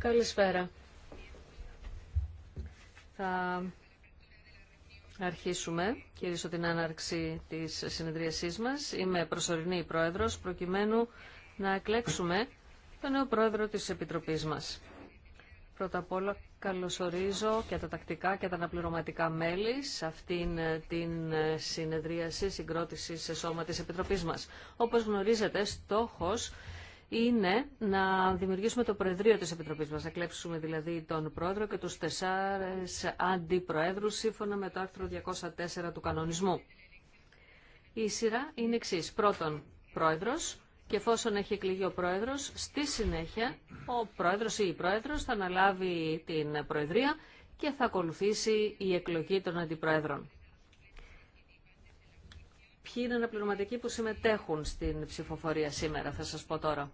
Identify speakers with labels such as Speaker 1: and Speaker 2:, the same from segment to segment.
Speaker 1: Καλησπέρα. Θα αρχίσουμε, κυρίσω την άναρξη της συνεδρίασής μας. Είμαι προσωρινή πρόεδρος, προκειμένου να εκλέξουμε τον νέο πρόεδρο της Επιτροπής μας. Πρώτα απ' όλα καλωσορίζω και τα τακτικά και τα αναπληρωματικά μέλη σε αυτήν την συνεδρίαση συγκρότηση σε σώμα της Επιτροπής μας. Όπως γνωρίζετε, στόχος είναι να δημιουργήσουμε το Προεδρείο της Επιτροπής μας, να κλέψουμε δηλαδή τον Πρόεδρο και τους τεσσάρες αντιπροέδρους σύμφωνα με το άρθρο 204 του κανονισμού. Η σειρά είναι εξή. Πρώτον, Πρόεδρος και εφόσον έχει εκλεγεί ο Πρόεδρος, στη συνέχεια ο Πρόεδρος ή η Πρόεδρος θα αναλάβει την Προεδρία και θα ακολουθήσει η εκλογή των αντιπροέδρων. Ποιοι είναι αναπληρωματικοί που συμμετέχουν στην ψηφοφορία σήμερα, θα σας πω τώρα.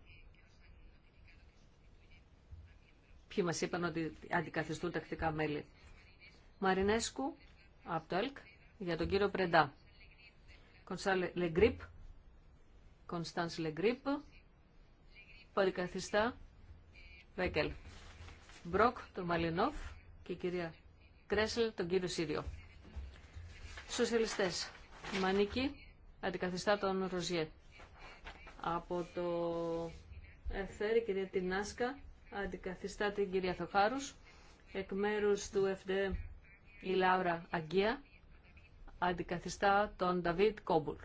Speaker 1: ποιοι μα είπαν ότι αντικαθιστούν τακτικά μέλη. Μαρινέσκου από το ΕΛΚ για τον κύριο Πρεντά. Κονσάλ Λεγκρίπ, Κωνσταντς Λεγκρίπ, παρικαθιστά Βέκελ. Μπροκ, τον Μαλινόφ και η κυρία Κρέσλ, τον κύριο Σύριο. Σοσιαλιστές. Μανίκη, αντικαθιστά τον Ροζιέ. Από το Ευθέρη, κυρία Τινάσκα, αντικαθιστά την κυρία Θοχάρους, εκ μέρους του ΕΦΔΕ η Λάουρα Αγγία, αντικαθιστά τον Νταβίτ Κόμπουλ.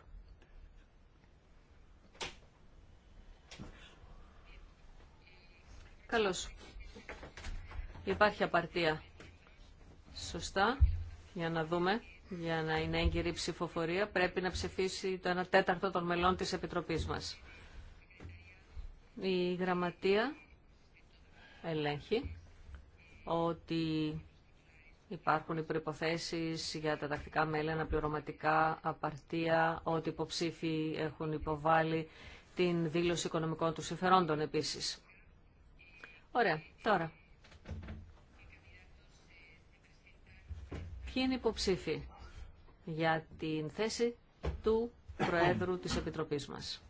Speaker 1: Καλώς. Υπάρχει απαρτία. Σωστά. Για να δούμε. Για να είναι έγκυρη ψηφοφορία πρέπει να ψηφίσει το 1 τέταρτο των μελών της Επιτροπής μας. Η γραμματεία ελέγχει ότι υπάρχουν οι προϋποθέσεις για τα τακτικά μέλη, αναπληρωματικά, απαρτία, ότι υποψήφοι έχουν υποβάλει την δήλωση οικονομικών του συμφερόντων επίσης. Ωραία, τώρα. Ποιοι είναι υποψήφοι για την θέση του Προέδρου της Επιτροπής μας.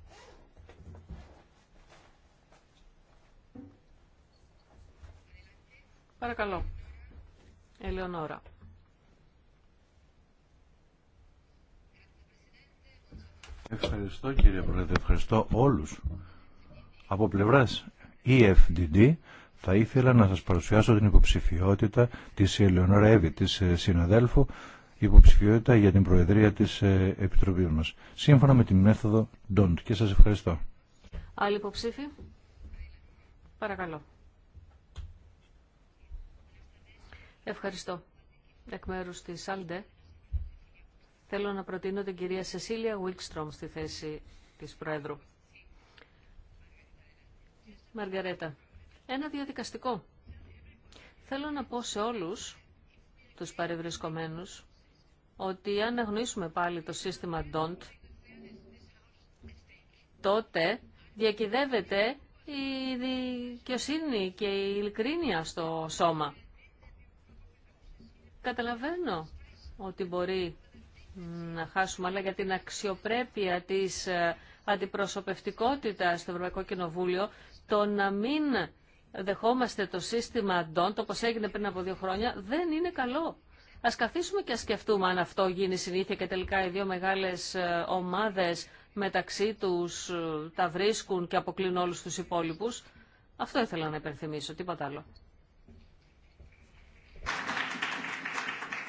Speaker 1: Παρακαλώ. Ελεονόρα.
Speaker 2: Ευχαριστώ κύριε Πρόεδρε, ευχαριστώ όλους. Από πλευράς EFDD θα ήθελα να σας παρουσιάσω την υποψηφιότητα της Ελεονόρα Εύη, της ε, συναδέλφου, υποψηφιότητα για την Προεδρία της ε, Επιτροπής μας, σύμφωνα με τη μέθοδο DONT. Και σας ευχαριστώ.
Speaker 1: Άλλοι υποψήφοι. Παρακαλώ. Ευχαριστώ. Εκ μέρου τη Άλντε, θέλω να προτείνω την κυρία Σεσίλια Βίλκστρομ στη θέση της Πρόεδρου. Μαργαρέτα, ένα διαδικαστικό. Θέλω να πω σε όλους τους παρευρισκομένους ότι αν αγνοήσουμε πάλι το σύστημα DONT, τότε διακυδεύεται η δικαιοσύνη και η ειλικρίνεια στο σώμα καταλαβαίνω ότι μπορεί να χάσουμε, αλλά για την αξιοπρέπεια της ε, αντιπροσωπευτικότητας στο Ευρωπαϊκό Κοινοβούλιο, το να μην δεχόμαστε το σύστημα αντών, το όπως έγινε πριν από δύο χρόνια, δεν είναι καλό. Ας καθίσουμε και ας σκεφτούμε αν αυτό γίνει συνήθεια και τελικά οι δύο μεγάλες ε, ομάδες μεταξύ τους ε, τα βρίσκουν και αποκλίνουν όλους τους υπόλοιπους. Αυτό ήθελα να υπενθυμίσω, τίποτα άλλο.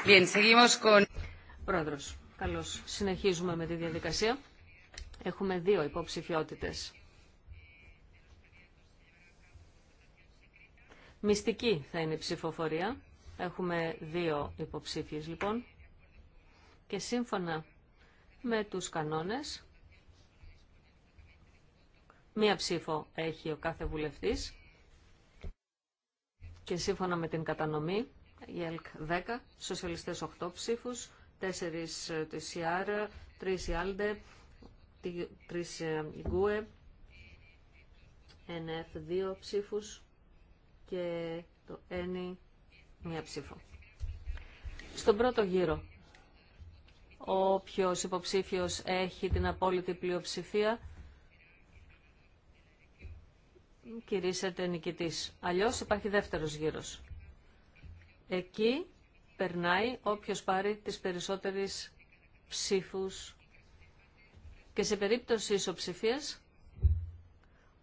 Speaker 1: Bien, Πρόεδρος, καλώς. Συνεχίζουμε με τη διαδικασία. Έχουμε δύο υποψηφιότητες. Μυστική θα είναι η ψηφοφορία. Έχουμε δύο υποψήφιες λοιπόν. Και σύμφωνα με τους κανόνες, μία ψήφο έχει ο κάθε βουλευτής. Και σύμφωνα με την κατανομή, η ΕΛΚ 10, σοσιαλιστές 8 ψήφους, 4 τη ΣΥΑΡ, 3 η ΑΛΔΕ, 3 ε, η ΓΚΟΕ, 2 ψήφους και το ΕΝΗ μία ψήφο. Στον πρώτο γύρο, όποιος υποψήφιος έχει την απόλυτη πλειοψηφία, κηρύσσεται νικητής. Αλλιώς υπάρχει δεύτερος γύρος. Εκεί περνάει όποιος πάρει τις περισσότερες ψήφους και σε περίπτωση ισοψηφίας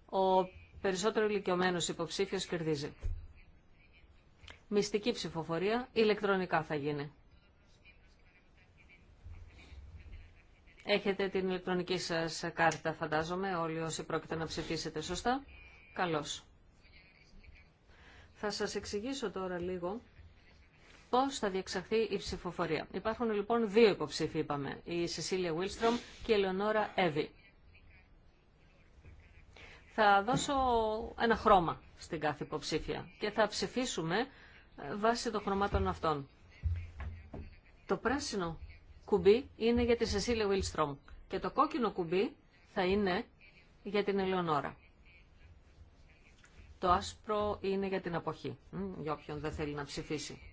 Speaker 1: ο περισσότερο ηλικιωμένος υποψήφιος κερδίζει. Μυστική ψηφοφορία ηλεκτρονικά θα γίνει. Έχετε την ηλεκτρονική σας κάρτα, φαντάζομαι, όλοι όσοι πρόκειται να ψηφίσετε σωστά. Καλώς. Θα σας εξηγήσω τώρα λίγο Πώ θα διεξαχθεί η ψηφοφορία. Υπάρχουν λοιπόν δύο υποψήφοι, είπαμε, η Σεσίλια Βίλστρομ και η Ελεονόρα Εύη. Θα δώσω ένα χρώμα στην κάθε υποψήφια και θα ψηφίσουμε ε, βάσει των χρωμάτων αυτών. Το πράσινο κουμπί είναι για τη Σεσίλια Βίλστρομ και το κόκκινο κουμπί θα είναι για την Ελεονόρα. Το άσπρο είναι για την αποχή, για όποιον δεν θέλει να ψηφίσει.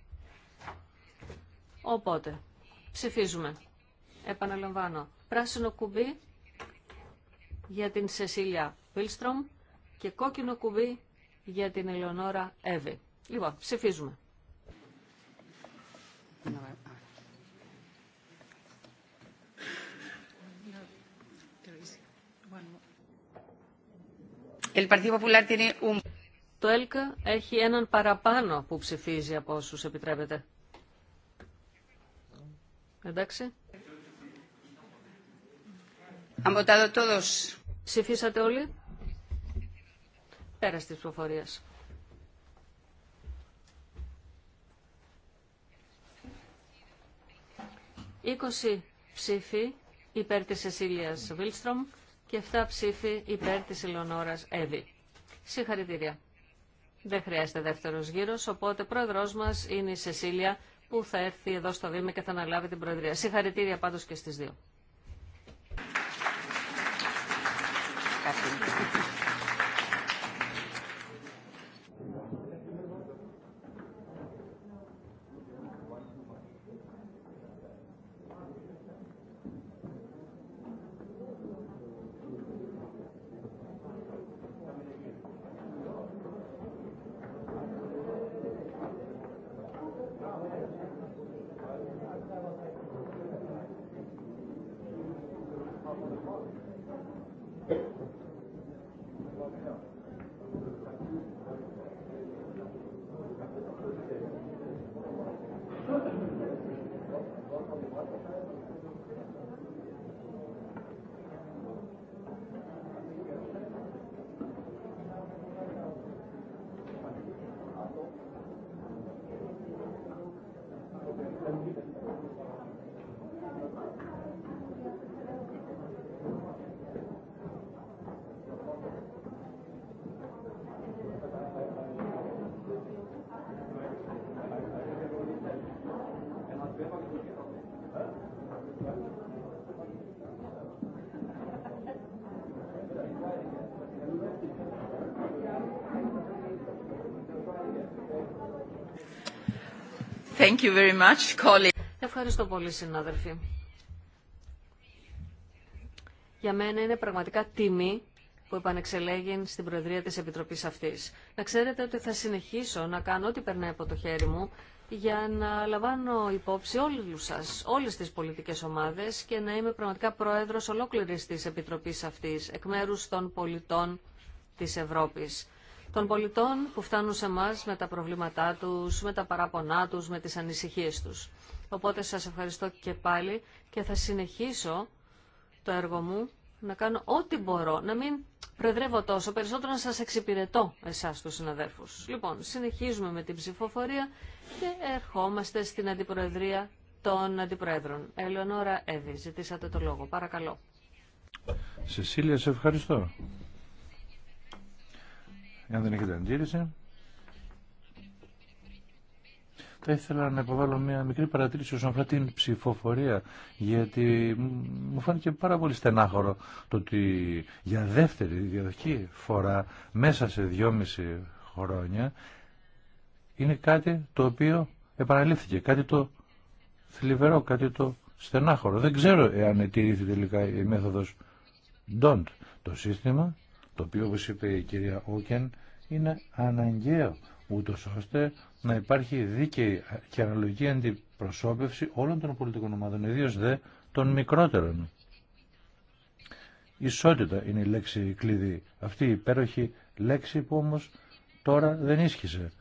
Speaker 1: Οπότε, ψηφίζουμε. Επαναλαμβάνω. Πράσινο κουμπί για την Σεσίλια Βίλστρομ και κόκκινο κουμπί για την Ελεονόρα Εύη. Λοιπόν, ψηφίζουμε. Το ΕΛΚΑ έχει έναν παραπάνω που ψηφίζει από όσους επιτρέπεται. Εντάξει. Ψηφίσατε όλοι. Πέρα τη ψηφοφορία. Είκοσι ψήφοι υπέρ της Εσίλιας Βίλστρομ και 7 ψήφοι υπέρ της Ηλονόρας Εύη. Συγχαρητήρια. Δεν χρειάζεται δεύτερος γύρος, οπότε πρόεδρος μας είναι η Σεσίλια που θα έρθει εδώ στο Δήμο και θα αναλάβει την Προεδρία. Συγχαρητήρια πάντως και στις δύο. Ευχαριστώ πολύ, συνάδελφοι. Για μένα είναι πραγματικά τιμή που επανεξελέγει στην Προεδρία της Επιτροπής αυτής. Να ξέρετε ότι θα συνεχίσω να κάνω ό,τι περνάει από το χέρι μου για να λαμβάνω υπόψη όλους σας, όλες τις πολιτικές ομάδες και να είμαι πραγματικά πρόεδρος ολόκληρης της Επιτροπής αυτής, εκ μέρους των πολιτών της Ευρώπης των πολιτών που φτάνουν σε εμά με τα προβλήματά τους, με τα παράπονά τους, με τις ανησυχίες τους. Οπότε σας ευχαριστώ και πάλι και θα συνεχίσω το έργο μου να κάνω ό,τι μπορώ, να μην προεδρεύω τόσο, περισσότερο να σας εξυπηρετώ εσάς τους συναδέρφους. Λοιπόν, συνεχίζουμε με την ψηφοφορία και ερχόμαστε στην Αντιπροεδρία των Αντιπροέδρων. Ελεονόρα Εύη, ζητήσατε το λόγο. Παρακαλώ.
Speaker 2: Σεσίλια, σε ευχαριστώ. Εάν δεν έχετε αντίρρηση, θα ήθελα να υποβάλω μια μικρή παρατήρηση όσον αφορά την ψηφοφορία, γιατί μου φάνηκε πάρα πολύ στενάχωρο το ότι για δεύτερη διαδοχή φορά μέσα σε δυόμιση χρόνια είναι κάτι το οποίο επαναλήφθηκε, κάτι το θλιβερό, κάτι το στενάχωρο. Δεν ξέρω εάν ετηρήθη τελικά η μέθοδος don't. Το σύστημα το οποίο όπως είπε η κυρία Όκεν είναι αναγκαίο ούτως ώστε να υπάρχει δίκαιη και αναλογική αντιπροσώπευση όλων των πολιτικών ομάδων, ιδίω δε των μικρότερων. Ισότητα είναι η λέξη κλειδί. Αυτή η υπέροχη λέξη που όμως τώρα δεν ίσχυσε.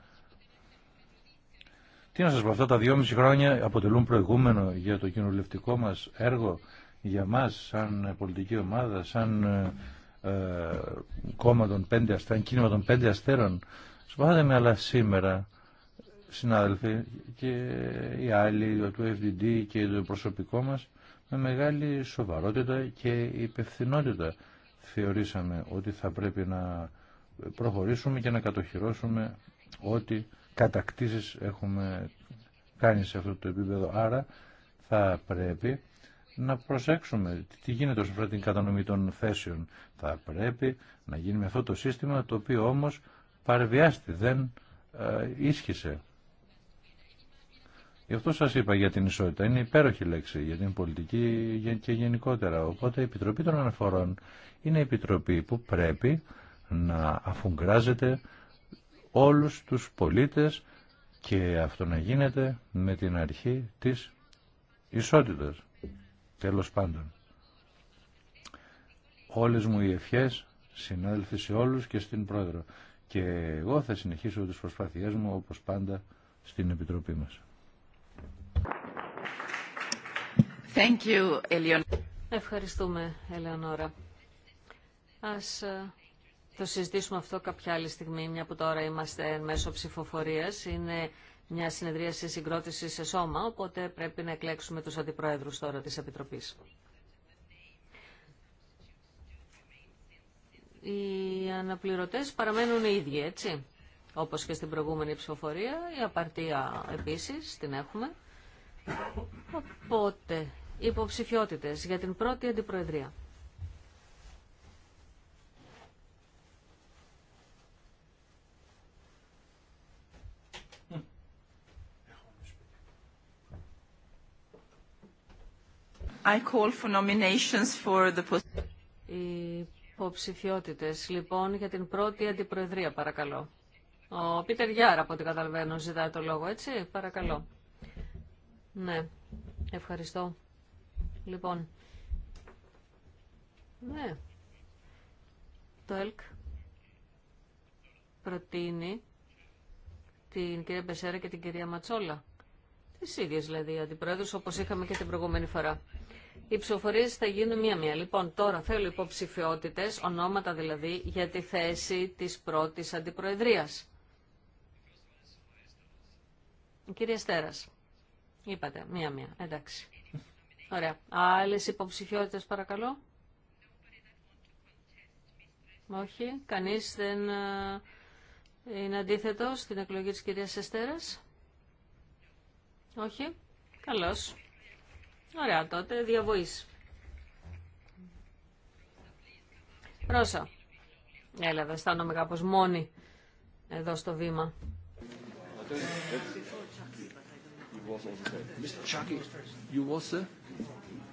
Speaker 2: Τι να σας πω, αυτά τα δυόμιση χρόνια αποτελούν προηγούμενο για το κοινοβουλευτικό μας έργο, για μας σαν πολιτική ομάδα, σαν ε, ε, κόμμα των πέντε αστέρων, κίνημα των πέντε αστέρων. Σπάθατε με, αλλά σήμερα, συνάδελφοι, και οι άλλοι του FDD και το προσωπικό μας, με μεγάλη σοβαρότητα και υπευθυνότητα θεωρήσαμε ότι θα πρέπει να προχωρήσουμε και να κατοχυρώσουμε ό,τι κατακτήσεις έχουμε κάνει σε αυτό το επίπεδο. Άρα θα πρέπει να προσέξουμε τι γίνεται όσον αφορά την κατανομή των θέσεων. Θα πρέπει να γίνει με αυτό το σύστημα το οποίο όμως παρεβιάστη, δεν ε, ίσχυσε. Γι' αυτό σας είπα για την ισότητα. Είναι υπέροχη λέξη για την πολιτική και γενικότερα. Οπότε η Επιτροπή των Αναφορών είναι η Επιτροπή που πρέπει να αφουγκράζεται όλους τους πολίτες και αυτό να γίνεται με την αρχή της ισότητας. Τέλος πάντων, όλες μου οι ευχές, συνάδελφοι σε όλους και στην Πρόεδρο. Και εγώ θα συνεχίσω τις προσπάθειές μου, όπως πάντα, στην Επιτροπή μας.
Speaker 1: Thank you, Ευχαριστούμε, Ελεονόρα. Ας ε, το συζητήσουμε αυτό κάποια άλλη στιγμή, μια που τώρα είμαστε μέσω ψηφοφορίας. Είναι μια συνεδρίαση συγκρότηση σε σώμα, οπότε πρέπει να εκλέξουμε τους αντιπρόεδρους τώρα της Επιτροπής. Οι αναπληρωτές παραμένουν οι ίδιοι, έτσι, όπως και στην προηγούμενη ψηφοφορία. Η απαρτία επίσης την έχουμε. Οπότε, υποψηφιότητες για την πρώτη αντιπροεδρία. I Οι λοιπόν, για την πρώτη αντιπροεδρία, παρακαλώ. Ο Πίτερ Γιάρα, από ό,τι καταλαβαίνω, ζητάει το λόγο, έτσι, παρακαλώ. Ναι, ευχαριστώ. Λοιπόν, ναι, το ΕΛΚ προτείνει την κυρία Μπεσέρα και την κυρία Ματσόλα. Τις ίδιες δηλαδή αντιπρόεδρους όπως είχαμε και την προηγούμενη φορά. Οι ψηφοφορίε θα γίνουν μία-μία. Λοιπόν, τώρα θέλω υποψηφιότητε, ονόματα δηλαδή, για τη θέση τη πρώτη αντιπροεδρία. Κυρία Στέρα, είπατε μία-μία. Εντάξει. Ωραία. Άλλε υποψηφιότητε, παρακαλώ. Όχι. Κανεί δεν ε, είναι αντίθετο στην εκλογή τη κυρία Εστέρα. Όχι. Καλώς. Ωραία, τότε διαβοής. Ρώσα. Έλα, δεν αισθάνομαι κάπως μόνη εδώ στο βήμα. You was είσαι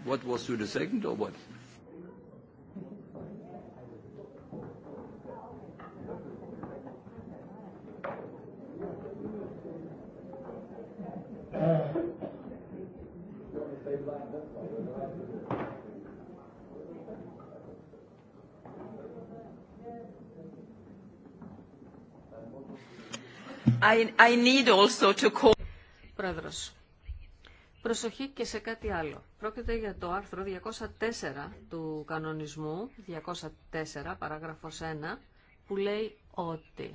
Speaker 3: What was you the second or what?
Speaker 1: I, need also to call... Πρόεδρος, προσοχή και σε κάτι άλλο. Πρόκειται για το άρθρο 204 του κανονισμού, 204 παράγραφος 1, που λέει ότι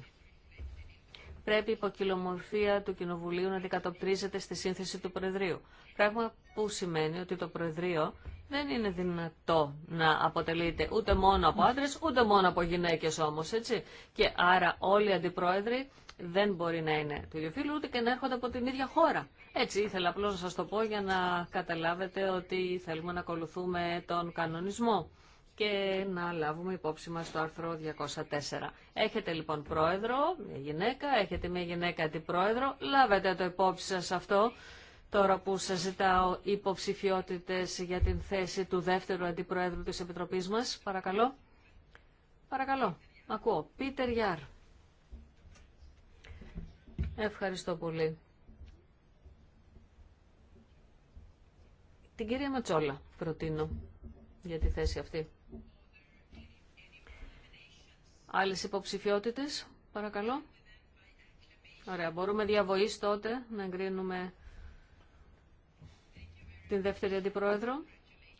Speaker 1: πρέπει η ποικιλομορφία του Κοινοβουλίου να αντικατοπτρίζεται στη σύνθεση του Προεδρείου. Πράγμα που σημαίνει ότι το Προεδρείο δεν είναι δυνατό να αποτελείται ούτε μόνο από άντρε, ούτε μόνο από γυναίκε όμω έτσι. Και άρα όλοι οι αντιπρόεδροι δεν μπορεί να είναι του ίδιου φίλου, ούτε και να έρχονται από την ίδια χώρα. Έτσι ήθελα απλώ να σα το πω για να καταλάβετε ότι θέλουμε να ακολουθούμε τον κανονισμό και να λάβουμε υπόψη μας το άρθρο 204. Έχετε λοιπόν πρόεδρο, μια γυναίκα, έχετε μια γυναίκα αντιπρόεδρο, λάβετε το υπόψη σας αυτό. Τώρα που σας ζητάω υποψηφιότητες για την θέση του δεύτερου αντιπροέδρου της Επιτροπής μας, παρακαλώ. Παρακαλώ, ακούω. Πίτερ Γιάρ. Ευχαριστώ πολύ. Την κυρία Ματσόλα προτείνω για τη θέση αυτή. Άλλες υποψηφιότητες, παρακαλώ. Ωραία, μπορούμε διαβοής τότε να εγκρίνουμε την δεύτερη αντιπρόεδρο.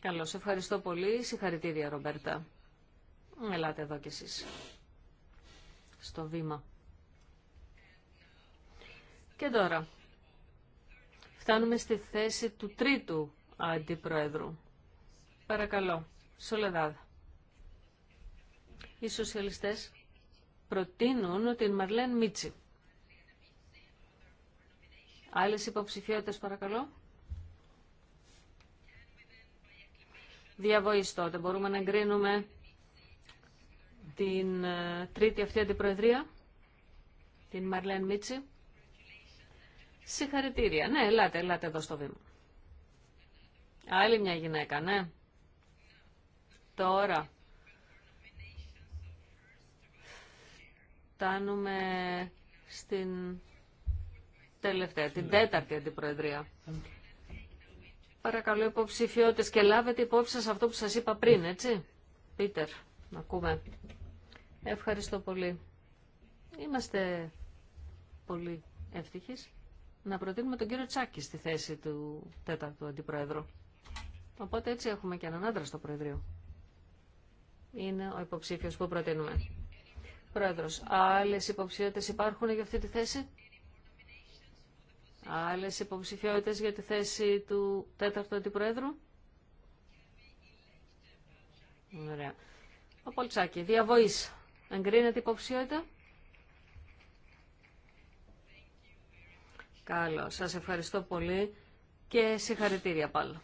Speaker 1: Καλώς, ευχαριστώ πολύ. Συγχαρητήρια, Ρομπέρτα. Ελάτε εδώ κι εσείς στο βήμα. Και τώρα φτάνουμε στη θέση του τρίτου αντιπρόεδρου. Παρακαλώ, Σολεδάδα οι σοσιαλιστές προτείνουν την Μαρλέν Μίτσι. Άλλες υποψηφιότητες παρακαλώ. Διαβοής Δεν Μπορούμε να εγκρίνουμε την ε, τρίτη αυτή αντιπροεδρία, την Μαρλέν Μίτσι. Συγχαρητήρια. Ναι, ελάτε, ελάτε εδώ στο βήμα. Άλλη μια γυναίκα, ναι. Τώρα φτάνουμε στην τελευταία, την ναι. τέταρτη αντιπροεδρία. Παρακαλώ υποψηφιώτες και λάβετε υπόψη σας αυτό που σας είπα πριν, έτσι. Πίτερ, να ακούμε. Ευχαριστώ πολύ. Είμαστε πολύ ευτυχείς να προτείνουμε τον κύριο Τσάκη στη θέση του τέταρτου αντιπρόεδρου. Οπότε έτσι έχουμε και έναν άντρα στο Προεδρείο. Είναι ο υποψήφιος που προτείνουμε. Πρόεδρος, άλλες υποψηφιότητες υπάρχουν για αυτή τη θέση? Άλλες υποψηφιότητες για τη θέση του τέταρτου αντιπρόεδρου? Ωραία. Ο Πολτσάκη, διαβοής. Εγκρίνεται υποψηφιότητα? Κάλο. Σας ευχαριστώ πολύ και συγχαρητήρια πάλι.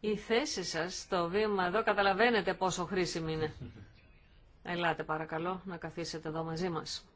Speaker 1: Η θέση σας στο βήμα εδώ καταλαβαίνετε πόσο χρήσιμη είναι. Ελάτε παρακαλώ να καθίσετε εδώ μαζί μας.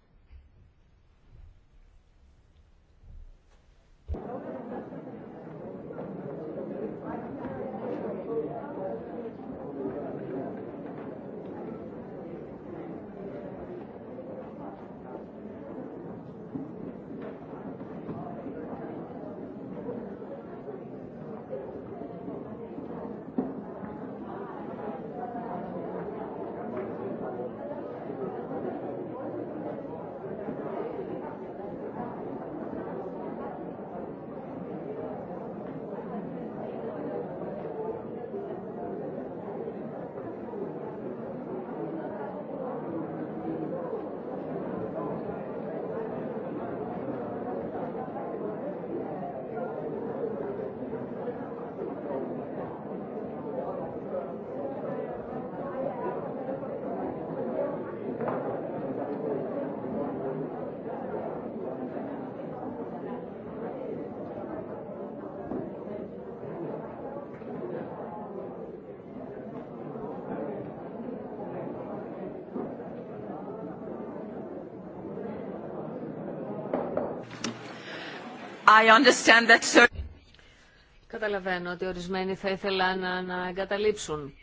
Speaker 1: Καταλαβαίνω ότι ορισμένοι θα ήθελαν να, να εγκαταλείψουν.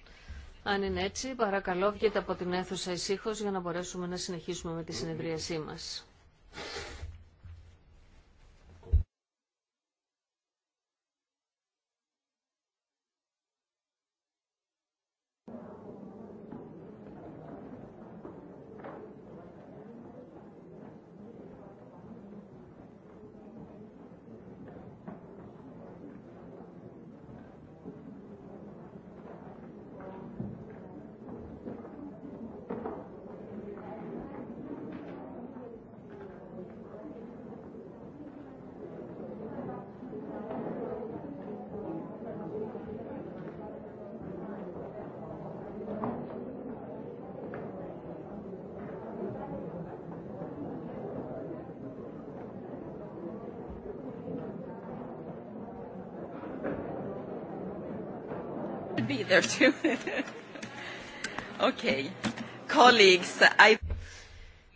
Speaker 1: Αν είναι έτσι, παρακαλώ βγείτε από την αίθουσα ησύχως για να μπορέσουμε να συνεχίσουμε με τη συνεδρίασή μας. I...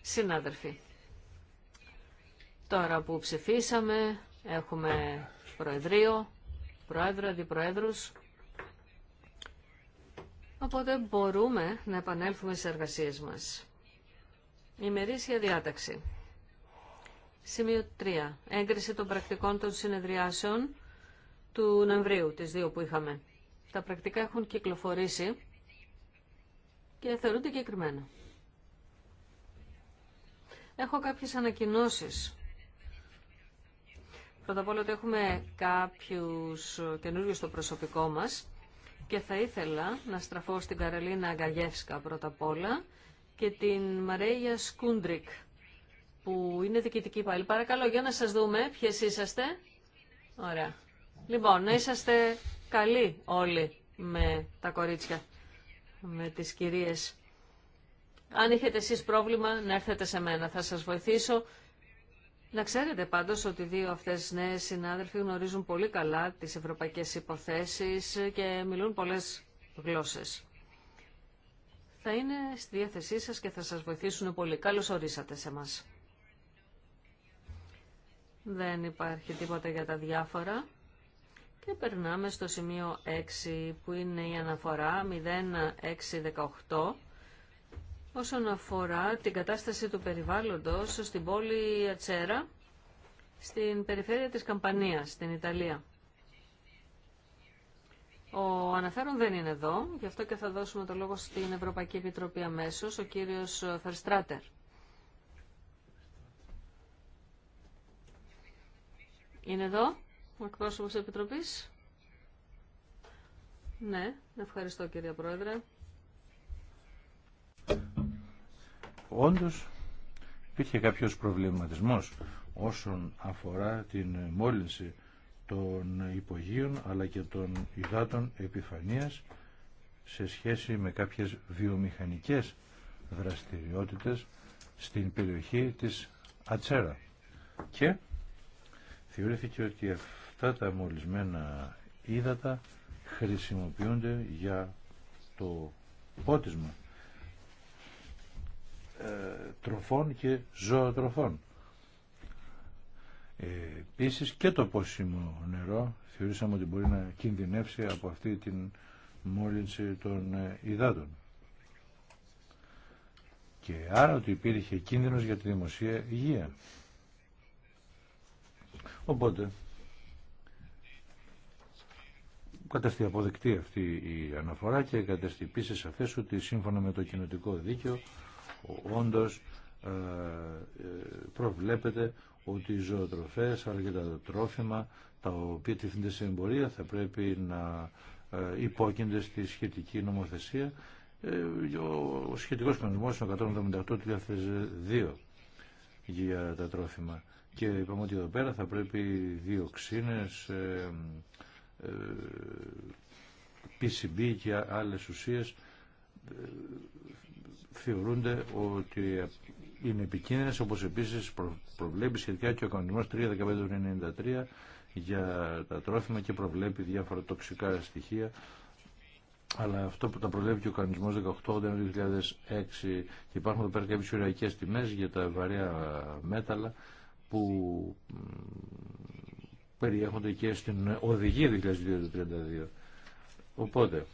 Speaker 1: Συνάδελφοι, τώρα που ψηφίσαμε, έχουμε προεδρείο, πρόεδρο, αντιπροέδρους, οπότε μπορούμε να επανέλθουμε στις εργασίες μας. Ημερήσια διάταξη. Σημείο 3. Έγκριση των πρακτικών των συνεδριάσεων του Νοεμβρίου, τις δύο που είχαμε. Τα πρακτικά έχουν κυκλοφορήσει και θεωρούνται εγκεκριμένα. Έχω κάποιες ανακοινώσεις. Πρώτα απ' όλα ότι έχουμε κάποιους καινούριου στο προσωπικό μας και θα ήθελα να στραφώ στην Καραλίνα Αγκαγεύσκα πρώτα απ' όλα και την Μαρέια Σκούντρικ που είναι διοικητική πάλι. Παρακαλώ για να σας δούμε ποιες είσαστε. Ωραία. Λοιπόν, να είσαστε Καλή όλοι με τα κορίτσια, με τις κυρίες. Αν έχετε εσείς πρόβλημα, να έρθετε σε μένα. Θα σας βοηθήσω. Να ξέρετε πάντως ότι δύο αυτές νέες συνάδελφοι γνωρίζουν πολύ καλά τις ευρωπαϊκές υποθέσεις και μιλούν πολλές γλώσσες. Θα είναι στη διάθεσή σας και θα σας βοηθήσουν πολύ. Καλώς ορίσατε σε μας. Δεν υπάρχει τίποτα για τα διάφορα. Και περνάμε στο σημείο 6 που είναι η αναφορά 0618 όσον αφορά την κατάσταση του περιβάλλοντος στην πόλη Ατσέρα στην περιφέρεια της Καμπανίας, στην Ιταλία. Ο αναφέρον δεν είναι εδώ, γι' αυτό και θα δώσουμε το λόγο στην Ευρωπαϊκή Επιτροπή αμέσω, ο κύριος Φερστράτερ. Είναι εδώ? Ο εκπρόσωπος της Επιτροπής. Ναι, ευχαριστώ κυρία Πρόεδρε.
Speaker 2: Όντως υπήρχε κάποιος προβληματισμός όσον αφορά την μόλυνση των υπογείων αλλά και των υδάτων επιφανείας σε σχέση με κάποιες βιομηχανικές δραστηριότητες στην περιοχή της Ατσέρα. Και θεωρήθηκε ότι αυτά τα μολυσμένα ύδατα χρησιμοποιούνται για το πότισμα ε, τροφών και ζωοτροφών. Ε, Επίση και το πόσιμο νερό θεωρήσαμε ότι μπορεί να κινδυνεύσει από αυτή την μόλυνση των ε, υδάτων. Και άρα ότι υπήρχε κίνδυνος για τη δημοσία υγεία. Οπότε κατεστεί αποδεκτή αυτή η αναφορά και κατεστεί επίση σαφέ ότι σύμφωνα με το κοινοτικό δίκαιο όντως ε, ε, προβλέπεται ότι οι ζωοτροφές αλλά και τα τρόφιμα τα οποία τίθενται σε εμπορία θα πρέπει να ε, υπόκεινται στη σχετική νομοθεσία ο σχετικός κανονισμός είναι 2002 για τα τρόφιμα και είπαμε ότι εδώ πέρα θα πρέπει δύο ε, ε, PCB και άλλες ουσίες ε, θεωρούνται ότι είναι επικίνδυνες όπως επίσης προβλέπει σχετικά και ο κανονισμός 3.15.93 για τα τρόφιμα και προβλέπει διάφορα τοξικά στοιχεία αλλά αυτό που τα προβλέπει και ο κανονισμός 18.2006 και υπάρχουν εδώ πέρα κάποιες ουραϊκές τιμές για τα βαρέα μέταλλα που περιέχονται και στην οδηγία 2032. Οπότε,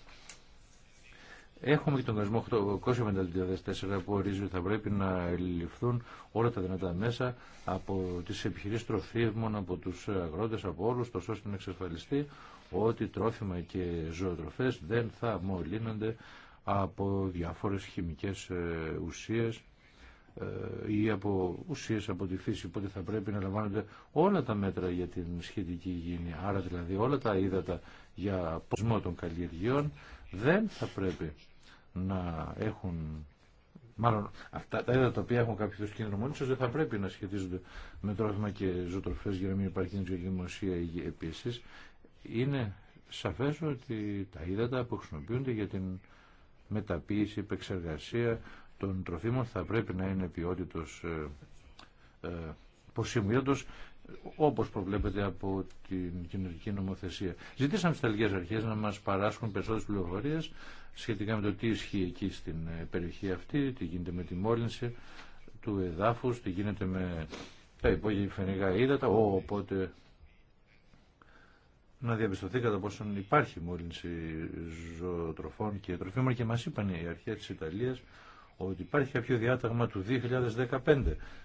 Speaker 2: έχουμε και τον κασμό 854 που ορίζει ότι θα πρέπει να ληφθούν όλα τα δυνατά μέσα από τις επιχειρήσεις τροφίμων, από τους αγρότες, από όλους, τόσο ώστε να εξασφαλιστεί ότι τρόφιμα και ζωοτροφές δεν θα μολύνονται από διάφορες χημικές ε, ουσίες ε, ή από ουσίε από τη φύση οπότε θα πρέπει να λαμβάνονται όλα τα μέτρα για την σχετική υγιεινή άρα δηλαδή όλα τα ύδατα για ποσμό των καλλιεργειών δεν θα πρέπει να έχουν μάλλον αυτά τα ύδατα τα οποία έχουν κάποιο κίνδυνο μόνοι δεν θα πρέπει να σχετίζονται με τρόφιμα και ζωοτροφέ για να μην υπάρχει για δημοσία υγεία είναι σαφέ ότι τα ύδατα που χρησιμοποιούνται για την μεταποίηση, επεξεργασία των τροφίμων θα πρέπει να είναι ποιότητος ε, όπω ε, όπως προβλέπεται από την κοινωνική νομοθεσία. Ζητήσαμε στι τελικέ Αρχές να μας παράσχουν περισσότερε πληροφορίε σχετικά με το τι ισχύει εκεί στην ε, περιοχή αυτή, τι γίνεται με τη μόλυνση του εδάφους, τι γίνεται με τα υπόγεια φαινικά ύδατα, οπότε να διαπιστωθεί κατά πόσον υπάρχει μόλυνση ζωοτροφών και τροφίμων και μας είπαν οι αρχές της Ιταλίας ότι υπάρχει κάποιο διάταγμα του 2015.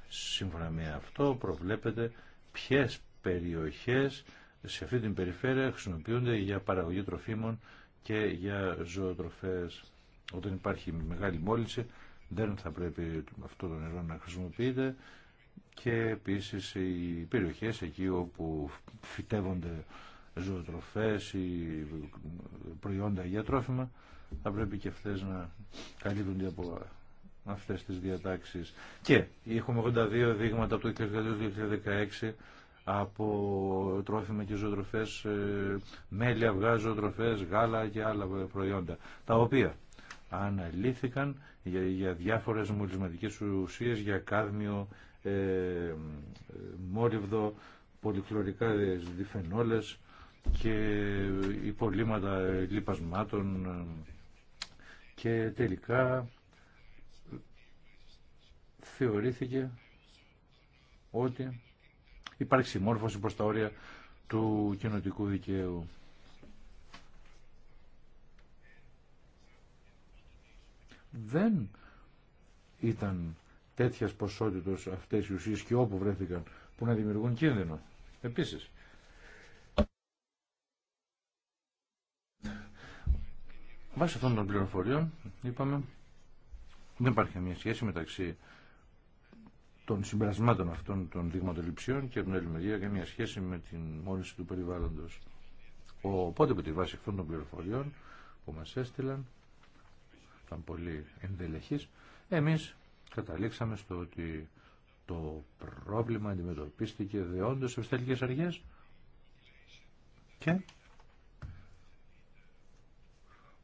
Speaker 2: Σύμφωνα με αυτό προβλέπεται ποιες περιοχές σε αυτή την περιφέρεια χρησιμοποιούνται για παραγωγή τροφίμων και για ζωοτροφές. Όταν υπάρχει μεγάλη μόλυνση δεν θα πρέπει αυτό το νερό να χρησιμοποιείται και επίσης οι περιοχές εκεί όπου φυτεύονται ζωοτροφές ή προϊόντα για τρόφιμα θα πρέπει και αυτές να καλύπτονται από αυτές τις διατάξεις. Και έχουμε 82 δείγματα από το 2016 από τρόφιμα και ζωοτροφές, ε, μέλι, αυγά, ζωοτροφές, γάλα και άλλα προϊόντα, τα οποία αναλύθηκαν για, για διάφορες μολυσματικές ουσίες, για κάδμιο, ε, μόλιβδο, πολυχλωρικά ε, διφενόλες και υπολείμματα λιπασμάτων και τελικά θεωρήθηκε ότι υπάρχει συμμόρφωση προς τα όρια του κοινοτικού δικαίου. Δεν ήταν τέτοια ποσότητα αυτές οι ουσίες και όπου βρέθηκαν που να δημιουργούν κίνδυνο. Επίσης, βάσει αυτών των πληροφοριών είπαμε δεν υπάρχει μια σχέση μεταξύ των συμπερασμάτων αυτών των δειγματοληψιών και από την άλλη μεριά μια σχέση με την μόλυνση του περιβάλλοντος. Οπότε με τη βάση αυτών των πληροφοριών που μας έστειλαν, ήταν πολύ εντελέχη, εμείς καταλήξαμε στο ότι το πρόβλημα αντιμετωπίστηκε δεόντω σε ευθελικέ αργές και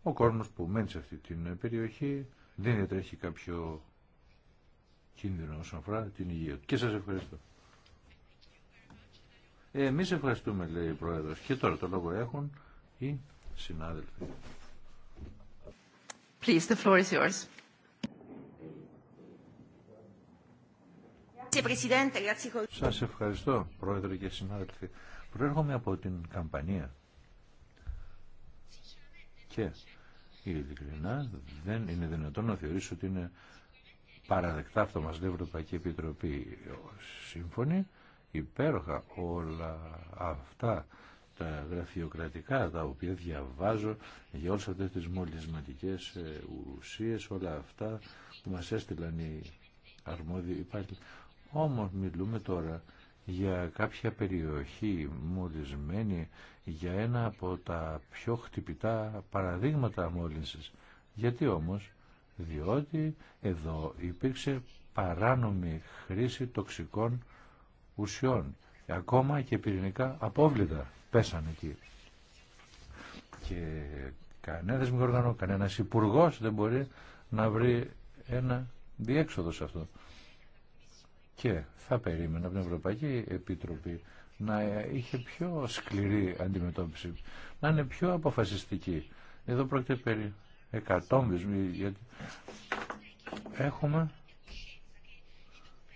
Speaker 2: ο κόσμος που μένει σε αυτή την περιοχή δεν διατρέχει κάποιο κίνδυνο όσον αφορά την υγεία του. Και σας ευχαριστώ. Ε, εμείς ευχαριστούμε, λέει η Πρόεδρος. Και τώρα το λόγο έχουν οι συνάδελφοι.
Speaker 3: Please, the floor is yours. Σας
Speaker 2: ευχαριστώ, Πρόεδρε και συνάδελφοι. Προέρχομαι από την Καμπανία. Και ειλικρινά δεν είναι δυνατόν να θεωρήσω ότι είναι παραδεκτά αυτό μας λέει η Ευρωπαϊκή Επιτροπή σύμφωνη υπέροχα όλα αυτά τα γραφειοκρατικά τα οποία διαβάζω για όλες αυτές τις μολυσματικές ε, ουσίες όλα αυτά που μας έστειλαν οι αρμόδιοι υπάλληλοι όμως μιλούμε τώρα για κάποια περιοχή μολυσμένη για ένα από τα πιο χτυπητά παραδείγματα μόλυνσης γιατί όμως διότι εδώ υπήρξε παράνομη χρήση τοξικών ουσιών. Ακόμα και πυρηνικά απόβλητα πέσανε εκεί. Και κανένα θεσμικό κανένας υπουργός δεν μπορεί να βρει ένα διέξοδο σε αυτό. Και θα περίμενα από την Ευρωπαϊκή Επίτροπη να είχε πιο σκληρή αντιμετώπιση, να είναι πιο αποφασιστική. Εδώ πρόκειται περί εκατόμβες, γιατί έχουμε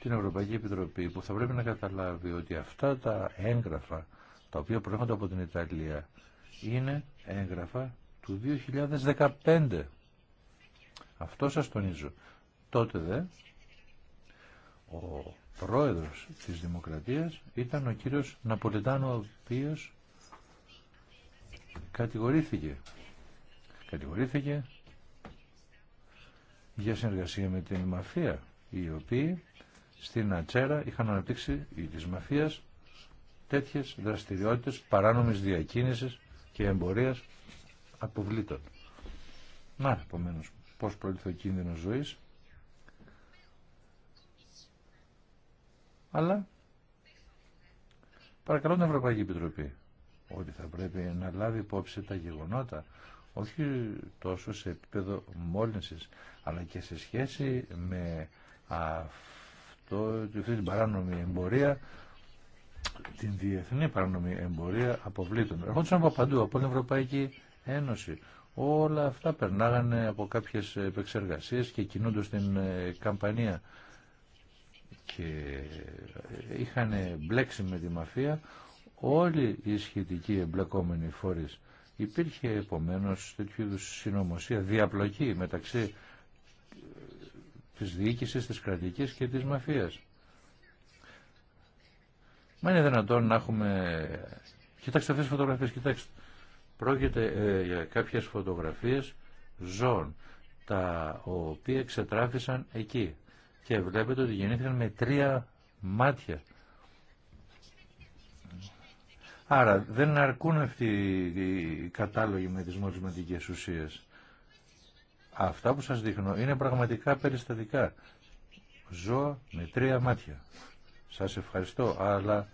Speaker 2: την Ευρωπαϊκή Επιτροπή που θα πρέπει να καταλάβει ότι αυτά τα έγγραφα τα οποία προέρχονται από την Ιταλία είναι έγγραφα του 2015. Αυτό σας τονίζω. Τότε δε ο πρόεδρος της Δημοκρατίας ήταν ο κύριος Ναπολιτάνο ο οποίος κατηγορήθηκε κατηγορήθηκε για συνεργασία με την μαφία, οι οποίοι στην Ατσέρα είχαν αναπτύξει ή της μαφίας τέτοιες δραστηριότητες παράνομης διακίνησης και εμπορίας αποβλήτων. Να, επομένω, πώς προήλθε ο κίνδυνος ζωής. Αλλά παρακαλώ την Ευρωπαϊκή Επιτροπή ότι θα πρέπει να λάβει υπόψη τα γεγονότα όχι τόσο σε επίπεδο μόλυνσης, αλλά και σε σχέση με αυτό, αυτή την παράνομη εμπορία, την διεθνή παράνομη εμπορία αποβλήτων. Ερχόντουσαν από παντού, από την Ευρωπαϊκή Ένωση. Όλα αυτά περνάγανε από κάποιες επεξεργασίες και κινούντος στην ε, καμπανία και είχαν μπλέξει με τη μαφία όλοι οι σχετικοί εμπλεκόμενοι φορείς. Υπήρχε επομένως τέτοιου είδου συνωμοσία, διαπλοκή μεταξύ ε, της διοίκησης, της κρατικής και της μαφίας. Μα είναι δυνατόν να έχουμε... Κοιτάξτε αυτές τις φωτογραφίες, κοιτάξτε. Πρόκειται ε, για κάποιες φωτογραφίες ζώων, τα οποία εξετράφησαν εκεί. Και βλέπετε ότι γεννήθηκαν με τρία μάτια. Άρα δεν αρκούν αυτοί οι κατάλογοι με τις μορισματικές ουσίες. Αυτά που σας δείχνω είναι πραγματικά περιστατικά. Ζω με τρία μάτια. Σας ευχαριστώ, αλλά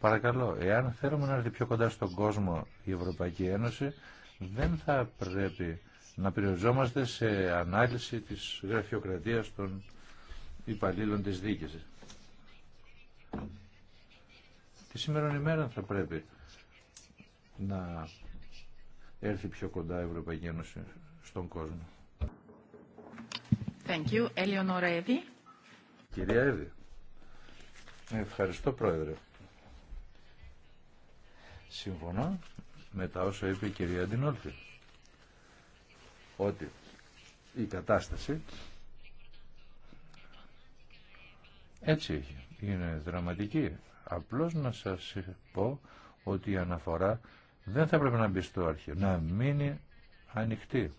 Speaker 2: παρακαλώ, εάν θέλουμε να έρθει πιο κοντά στον κόσμο η Ευρωπαϊκή Ένωση, δεν θα πρέπει να περιοριζόμαστε σε ανάλυση της γραφειοκρατίας των υπαλλήλων της δίκησης. Τη σήμερα ημέρα θα πρέπει να έρθει πιο κοντά η Ευρωπαϊκή Ένωση στον κόσμο.
Speaker 3: Thank you.
Speaker 2: Κυρία Εύη. Ευχαριστώ Πρόεδρε. Συμφωνώ με τα όσα είπε η κυρία Αντινόλφη. Ότι η κατάσταση έτσι έχει. Είναι δραματική. Απλώς να σας πω ότι η αναφορά δεν θα πρέπει να μπει στο αρχείο, να μείνει ανοιχτή.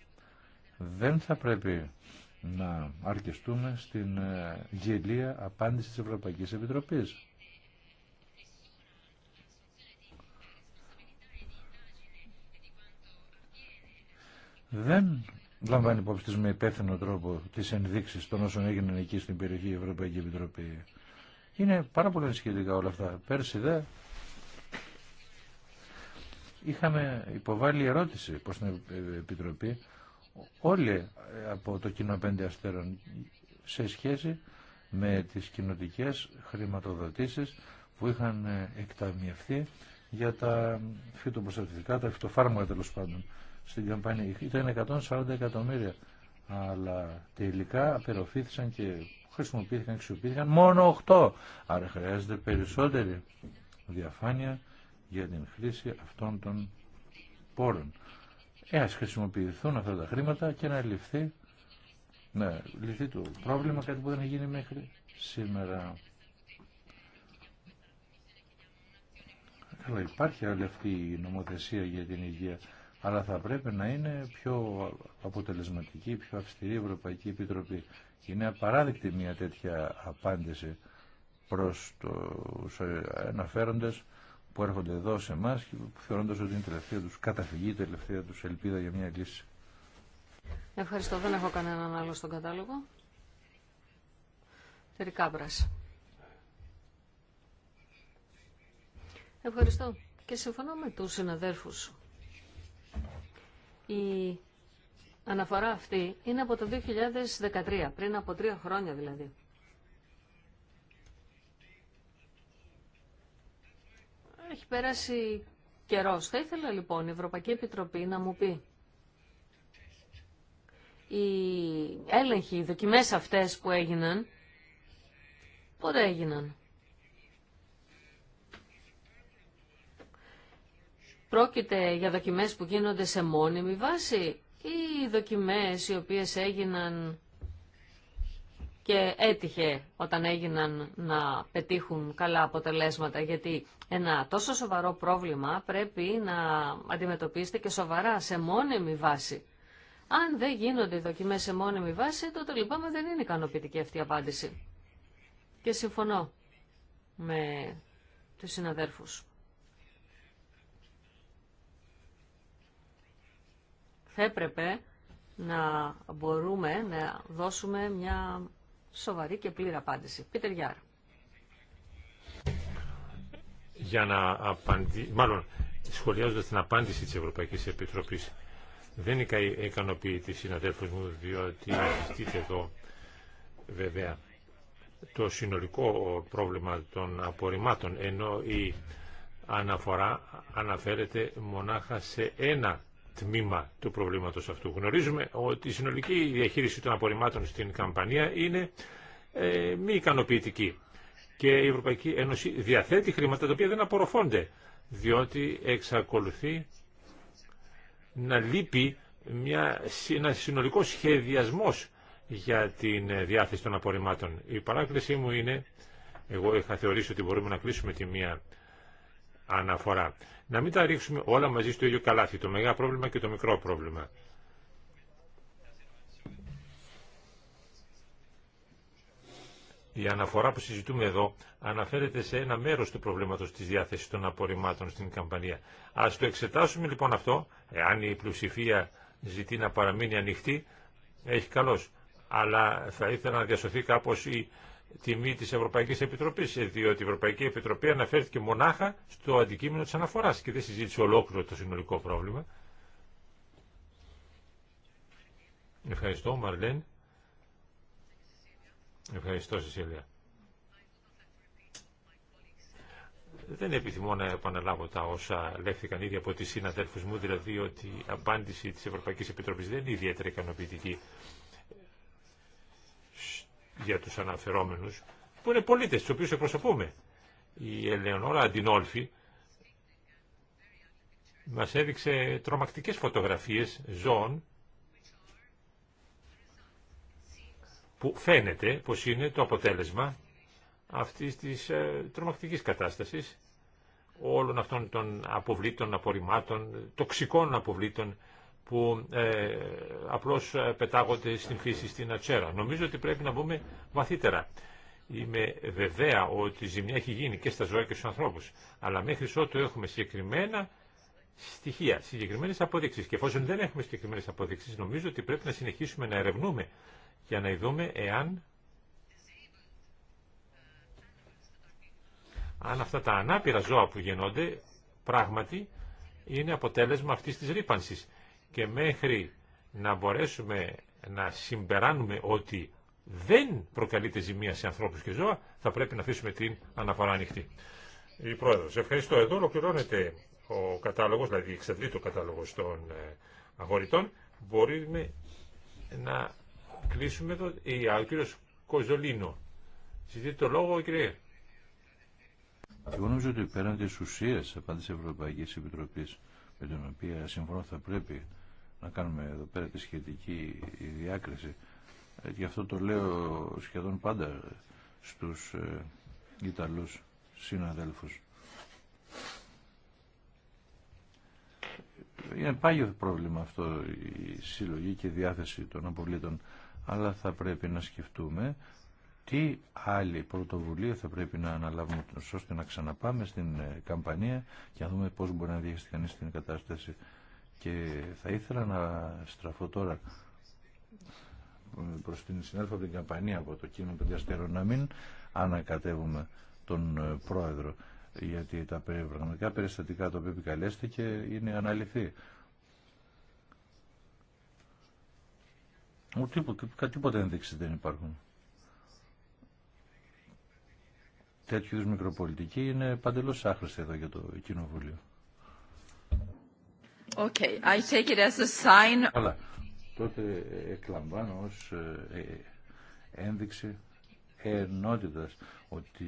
Speaker 2: Δεν θα πρέπει να αρκεστούμε στην ε, γελία απάντηση της Ευρωπαϊκής Επιτροπής. Δεν λαμβάνει υπόψη της με υπεύθυνο τρόπο τις ενδείξεις των όσων έγιναν εκεί στην περιοχή η Ευρωπαϊκή Επιτροπή. Είναι πάρα πολύ σχετικά όλα αυτά. Πέρσι δε είχαμε υποβάλει ερώτηση προς την Επιτροπή όλοι από το κοινό πέντε αστέρων σε σχέση με τις κοινοτικέ χρηματοδοτήσεις που είχαν ε, εκταμιευθεί για τα φυτοπροστατευτικά, τα φυτοφάρμακα τέλο πάντων στην καμπάνια. Ήταν 140 εκατομμύρια, αλλά τελικά απεροφήθησαν και χρησιμοποιήθηκαν, αξιοποιήθηκαν μόνο 8. Άρα χρειάζεται περισσότερη διαφάνεια για την χρήση αυτών των πόρων. Ε, χρησιμοποιηθούν αυτά τα χρήματα και να ληφθεί, να λυθεί το πρόβλημα, κάτι που δεν έχει γίνει μέχρι σήμερα. Αλλά υπάρχει όλη αυτή η νομοθεσία για την υγεία, αλλά θα πρέπει να είναι πιο αποτελεσματική, πιο αυστηρή η Ευρωπαϊκή Επιτροπή. Είναι απαράδεκτη μια τέτοια απάντηση προς τους αναφέροντες που έρχονται εδώ σε εμά και θεωρώντας ότι είναι η τελευταία τους καταφυγή, η τελευταία τους ελπίδα για μια λύση.
Speaker 1: Ευχαριστώ. Δεν έχω κανέναν άλλο στον κατάλογο. Ρικάμπρας. Ευχαριστώ. Και συμφωνώ με τους συναδέρφους. Η αναφορά αυτή είναι από το 2013, πριν από τρία χρόνια δηλαδή. Έχει πέρασει καιρό. Θα ήθελα λοιπόν η Ευρωπαϊκή Επιτροπή να μου πει οι έλεγχοι, οι δοκιμές αυτές που έγιναν, πότε έγιναν. Πρόκειται για δοκιμές που γίνονται σε μόνιμη βάση ή δοκιμές οι οποίες έγιναν και έτυχε όταν έγιναν να πετύχουν καλά αποτελέσματα γιατί ένα τόσο σοβαρό πρόβλημα πρέπει να αντιμετωπίσετε και σοβαρά σε μόνιμη βάση. Αν δεν γίνονται οι δοκιμές σε μόνιμη βάση, τότε λυπάμαι δεν είναι ικανοποιητική αυτή η απάντηση. Και συμφωνώ με τους συναδέρφους. Θα έπρεπε να μπορούμε να δώσουμε μια σοβαρή και πλήρη απάντηση. Πίτερ Γιάρ.
Speaker 4: Για να απαντήσω, μάλλον σχολιάζοντα την απάντηση της Ευρωπαϊκής Επιτροπής, δεν ικανοποιεί τη συναδέλφους μου, διότι συζητείται εδώ βέβαια το συνολικό πρόβλημα των απορριμμάτων, ενώ η αναφορά αναφέρεται μονάχα σε ένα τμήμα του προβλήματος αυτού. Γνωρίζουμε ότι η συνολική διαχείριση των απορριμμάτων στην Καμπανία είναι ε, μη ικανοποιητική και η Ευρωπαϊκή Ένωση διαθέτει χρήματα τα οποία δεν απορροφώνται διότι εξακολουθεί να λείπει μια, ένα συνολικό σχεδιασμός για την ε, διάθεση των απορριμμάτων. Η παράκλησή μου είναι, εγώ είχα θεωρήσει ότι μπορούμε να κλείσουμε τη μία αναφορά. Να μην τα ρίξουμε όλα μαζί στο ίδιο καλάθι, το μεγάλο πρόβλημα και το μικρό πρόβλημα. Η αναφορά που συζητούμε εδώ αναφέρεται σε ένα μέρος του προβλήματος της διάθεσης των απορριμμάτων στην Καμπανία. Ας το εξετάσουμε λοιπόν αυτό, εάν η πλουσιφία ζητεί να παραμείνει ανοιχτή, έχει καλώς. Αλλά θα ήθελα να διασωθεί κάπως η τιμή της Ευρωπαϊκής Επιτροπής, διότι η Ευρωπαϊκή Επιτροπή αναφέρθηκε μονάχα στο αντικείμενο της αναφοράς και δεν συζήτησε ολόκληρο το συνολικό πρόβλημα. Ευχαριστώ, Μαρλέν. Ευχαριστώ, Σεσίλια. Δεν επιθυμώ να επαναλάβω τα όσα λέχθηκαν ήδη από τις συναδέλφους μου, δηλαδή ότι η απάντηση της Ευρωπαϊκής Επιτροπής δεν είναι ιδιαίτερα ικανοποιητική για τους αναφερόμενους, που είναι πολίτες, του οποίους εκπροσωπούμε. Η Ελεονόρα Αντινόλφη μας έδειξε τρομακτικές φωτογραφίες ζώων που φαίνεται πως είναι το αποτέλεσμα αυτής της ε, τρομακτικής κατάστασης όλων αυτών των αποβλήτων, απορριμμάτων, τοξικών αποβλήτων που ε, απλώς ε, πετάγονται στην φύση στην ατσέρα. Νομίζω ότι πρέπει να μπούμε βαθύτερα. Είμαι βεβαία ότι η ζημιά έχει γίνει και στα ζώα και στους ανθρώπους, αλλά μέχρι ότου έχουμε συγκεκριμένα στοιχεία, συγκεκριμένες αποδείξεις. Και εφόσον δεν έχουμε συγκεκριμένες αποδείξεις, νομίζω ότι πρέπει να συνεχίσουμε να ερευνούμε για να δούμε εάν αν αυτά τα ανάπηρα ζώα που γεννώνται πράγματι είναι αποτέλεσμα αυτής της ρήπανσης και μέχρι να μπορέσουμε να συμπεράνουμε ότι δεν προκαλείται ζημία σε ανθρώπους και ζώα, θα πρέπει να αφήσουμε την αναφορά ανοιχτή. Η Πρόεδρος, ευχαριστώ. Εδώ ολοκληρώνεται ο κατάλογος, δηλαδή εξαντλεί το κατάλογος των ε, αγορητών. Μπορούμε να κλείσουμε εδώ. Ε, ο κύριος Κοζολίνο. Συζητεί το λόγο, κύριε.
Speaker 2: Εγώ ότι πέραν τη ουσία απάντησης Ευρωπαϊκής Επιτροπής με την οποία συμφωνώ θα πρέπει να κάνουμε εδώ πέρα τη σχετική διάκριση. Ε, γι' αυτό το λέω σχεδόν πάντα στους ε, Ιταλούς συναδέλφους. Είναι πάγιο πρόβλημα αυτό η συλλογή και η διάθεση των απολύτων, αλλά θα πρέπει να σκεφτούμε τι άλλη πρωτοβουλία θα πρέπει να αναλάβουμε ώστε να ξαναπάμε στην ε, καμπανία και να δούμε πώς μπορεί να διαχειριστεί κανείς την κατάσταση και θα ήθελα να στραφώ τώρα προς την συνάδελφα από την καμπανία από το κίνημα των να μην ανακατεύουμε τον ε, πρόεδρο γιατί τα πραγματικά περιστατικά τα οποία επικαλέστηκε είναι αναλυθή. Τίποτα, τίποτα ένδειξη δεν υπάρχουν. Τέτοιου είδου μικροπολιτική είναι παντελώ άχρηστη εδώ για το Κοινοβούλιο τότε εκλαμβάνω ως ε, ε, ένδειξη ενότητας ότι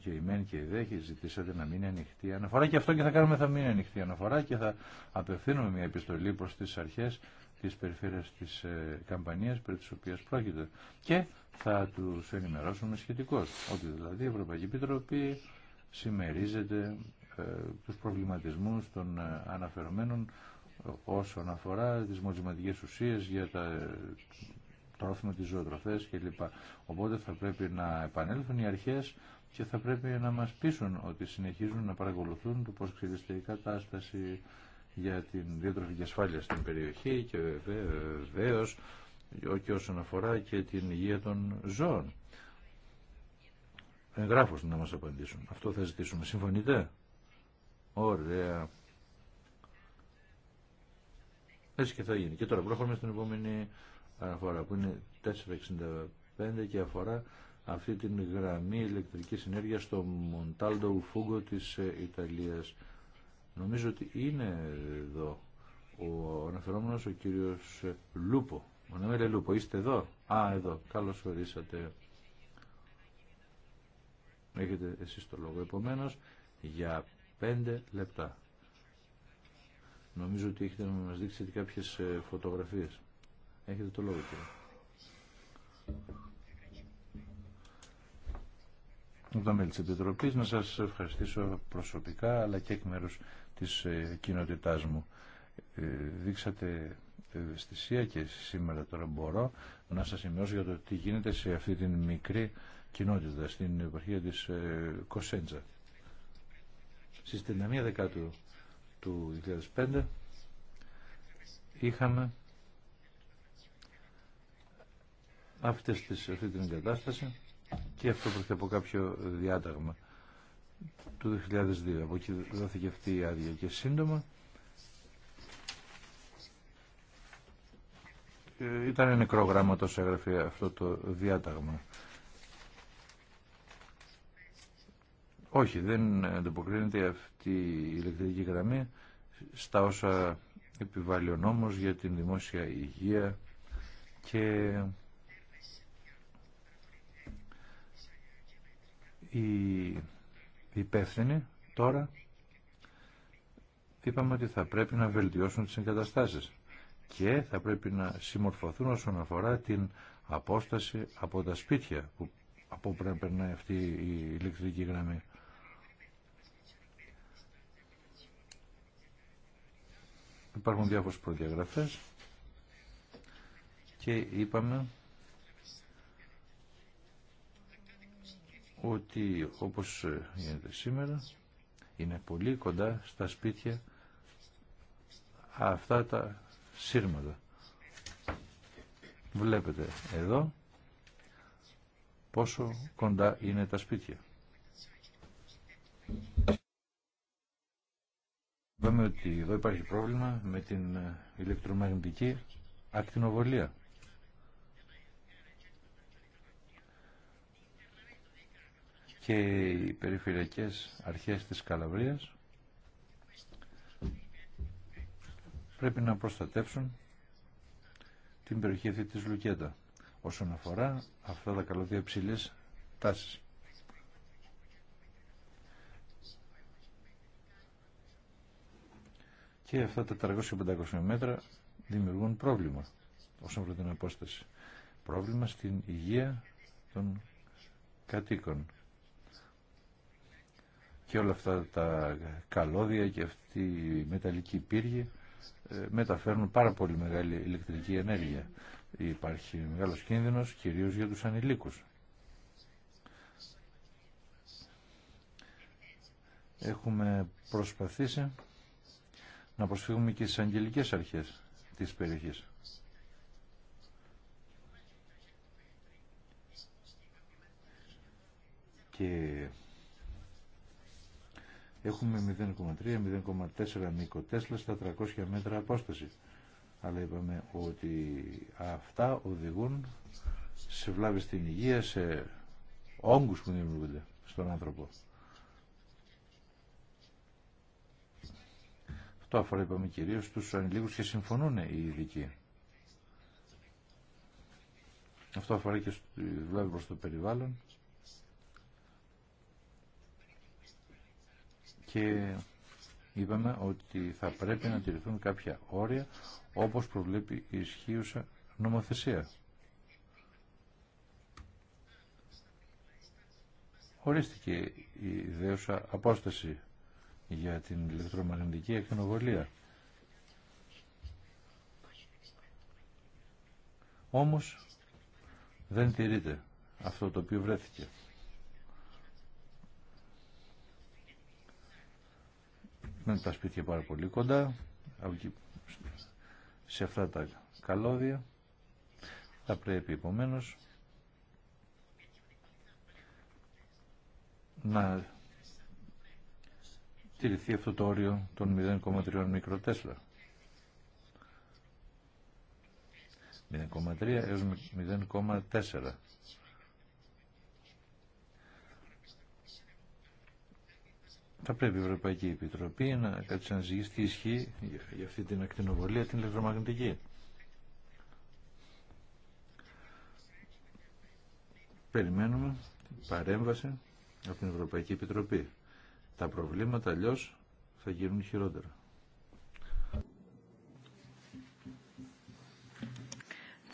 Speaker 2: και η ΜΕΝ και η ΔΕΧΗ ζητήσατε να μην μείνει ανοιχτή αναφορά και αυτό και θα κάνουμε θα μείνει ανοιχτή αναφορά και θα απευθύνουμε μια επιστολή προς τις αρχές της περιφέρειας της ε, καμπανίας περί της οποίας πρόκειται και θα τους ενημερώσουμε σχετικώς ότι δηλαδή η Ευρωπαϊκή Επιτροπή συμμερίζεται ε, τους προβληματισμούς των ε, αναφερομένων όσον αφορά τις μολυσματικές ουσίες για τα ε, τρόφιμα, τις ζωοτροφές κλπ. Οπότε θα πρέπει να επανέλθουν οι αρχές και θα πρέπει να μας πείσουν ότι συνεχίζουν να παρακολουθούν το πώς εξελίσσεται η κατάσταση για την διατροφική ασφάλεια στην περιοχή και βεβαίω και όσον αφορά και την υγεία των ζώων. Εγγράφως να μας απαντήσουν. Αυτό θα ζητήσουμε. Συμφωνείτε? Ωραία. Έτσι και θα γίνει. Και τώρα προχωρούμε στην επόμενη αναφορά που είναι 465 και αφορά αυτή την γραμμή ηλεκτρικής ενέργειας στο Μοντάλτο Ουφούγκο της ε, Ιταλίας. Νομίζω ότι είναι εδώ ο αναφερόμενος ο κύριος ε, Λούπο. Ο Λούπο, είστε εδώ. Α, εδώ. Καλώς ορίσατε. Έχετε εσείς το λόγο. Επομένως, για πέντε λεπτά. Νομίζω ότι έχετε να μας δείξετε κάποιες ε, φωτογραφίες. Έχετε το λόγο κύριε. Από τα μέλη της Επιτροπής να σας ευχαριστήσω προσωπικά αλλά και εκ μέρους της ε, κοινότητάς μου. Ε, δείξατε ευαισθησία και σήμερα τώρα μπορώ να σας σημειώσω για το τι γίνεται σε αυτή την μικρή κοινότητα στην επαρχία της Κοσέντζα. Στις 31 Δεκάτου του 2005 είχαμε αυτές τις, αυτή την εγκατάσταση και αυτό προχθεί από κάποιο διάταγμα του 2002. Από εκεί δόθηκε αυτή η άδεια και σύντομα. Ε, ήταν νεκρό γράμμα τόσο έγραφε αυτό το διάταγμα. Όχι, δεν ανταποκρίνεται αυτή η ηλεκτρική γραμμή στα όσα επιβάλλει ο νόμος για την δημόσια υγεία και η υπεύθυνη τώρα είπαμε ότι θα πρέπει να βελτιώσουν τις εγκαταστάσεις και θα πρέπει να συμμορφωθούν όσον αφορά την απόσταση από τα σπίτια που από πρέπει να περνάει αυτή η ηλεκτρική γραμμή. Υπάρχουν διάφορες προδιαγραφές και είπαμε ότι όπως γίνεται σήμερα είναι πολύ κοντά στα σπίτια αυτά τα σύρματα. Βλέπετε εδώ πόσο κοντά είναι τα σπίτια. Είπαμε ότι εδώ υπάρχει πρόβλημα με την ε, ηλεκτρομαγνητική ακτινοβολία. Και οι περιφερειακές αρχές της Καλαβρίας πρέπει να προστατεύσουν την περιοχή αυτή της Λουκέτα όσον αφορά αυτά τα καλωδία υψηλής τάσης. και αυτά τα 400-500 μέτρα δημιουργούν πρόβλημα όσον αφορά την απόσταση. Πρόβλημα στην υγεία των κατοίκων. Και όλα αυτά τα καλώδια και αυτή η μεταλλική πύργη ε, μεταφέρουν πάρα πολύ μεγάλη ηλεκτρική ενέργεια. Υπάρχει μεγάλος κίνδυνος κυρίως για τους ανηλίκους. Έχουμε προσπαθήσει να προσφύγουμε και στις αγγελικές αρχές της περιοχής. Και έχουμε 0,3, 0,4 μικροτέσλα στα 300 μέτρα απόσταση. Αλλά είπαμε ότι αυτά οδηγούν σε βλάβες στην υγεία, σε όγκους που δημιουργούνται στον άνθρωπο. Το αφορά, είπαμε, κυρίως τους ανηλίκους και συμφωνούν οι ειδικοί. Αυτό αφορά και στη δουλειά προς το περιβάλλον. Και είπαμε ότι θα πρέπει να τηρηθούν κάποια όρια όπως προβλέπει η ισχύουσα νομοθεσία. Ορίστηκε η ιδέουσα απόσταση για την ηλεκτρομαγνητική ακτινοβολία. Όμως δεν τηρείται αυτό το οποίο βρέθηκε. με τα σπίτια πάρα πολύ κοντά σε αυτά τα καλώδια θα πρέπει επομένως να τηρηθεί αυτό το όριο των 0,3 μικροτέσλα. 0,3 έως 0,4. Θα πρέπει η Ευρωπαϊκή Επιτροπή να κάτσει να τι ισχύει για αυτή την ακτινοβολία, την ηλεκτρομαγνητική. Περιμένουμε παρέμβαση από την Ευρωπαϊκή Επιτροπή τα προβλήματα, αλλιώ θα γίνουν χειρότερα.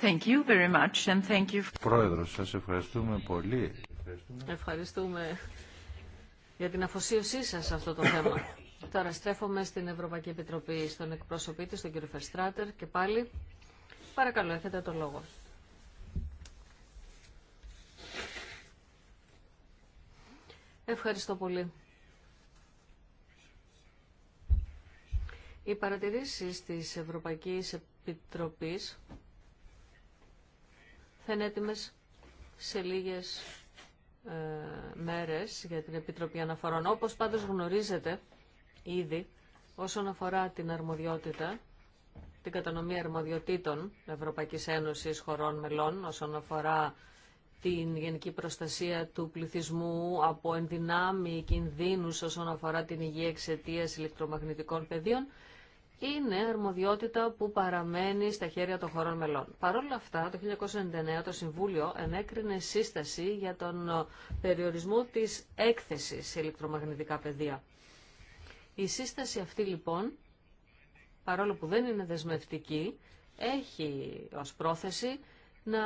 Speaker 1: Thank you very much and thank you.
Speaker 2: Πρόεδρος, ευχαριστούμε πολύ.
Speaker 1: Ευχαριστούμε. ευχαριστούμε για την αφοσίωσή σας σε αυτό το θέμα. Τώρα στρέφομαι στην Ευρωπαϊκή Επιτροπή, στον εκπρόσωπή της, τον κύριο Φερστράτερ και πάλι. Παρακαλώ, έχετε το λόγο. Ευχαριστώ πολύ. Οι παρατηρήσεις της Ευρωπαϊκής Επιτροπής θα είναι έτοιμες σε λίγες ε, μέρες για την Επιτροπή Αναφορών. Όπως πάντως γνωρίζετε ήδη, όσον αφορά την αρμοδιότητα, την κατανομή αρμοδιοτήτων Ευρωπαϊκής Ένωσης χωρών μελών, όσον αφορά την γενική προστασία του πληθυσμού από ενδυνάμει κινδύνους όσον αφορά την υγεία εξαιτία ηλεκτρομαγνητικών πεδίων, είναι αρμοδιότητα που παραμένει στα χέρια των χωρών μελών. Παρ' όλα αυτά, το 1999 το Συμβούλιο ενέκρινε σύσταση για τον ε, περιορισμό της έκθεσης σε ηλεκτρομαγνητικά πεδία. Η σύσταση αυτή λοιπόν, παρόλο που δεν είναι δεσμευτική, έχει ως πρόθεση να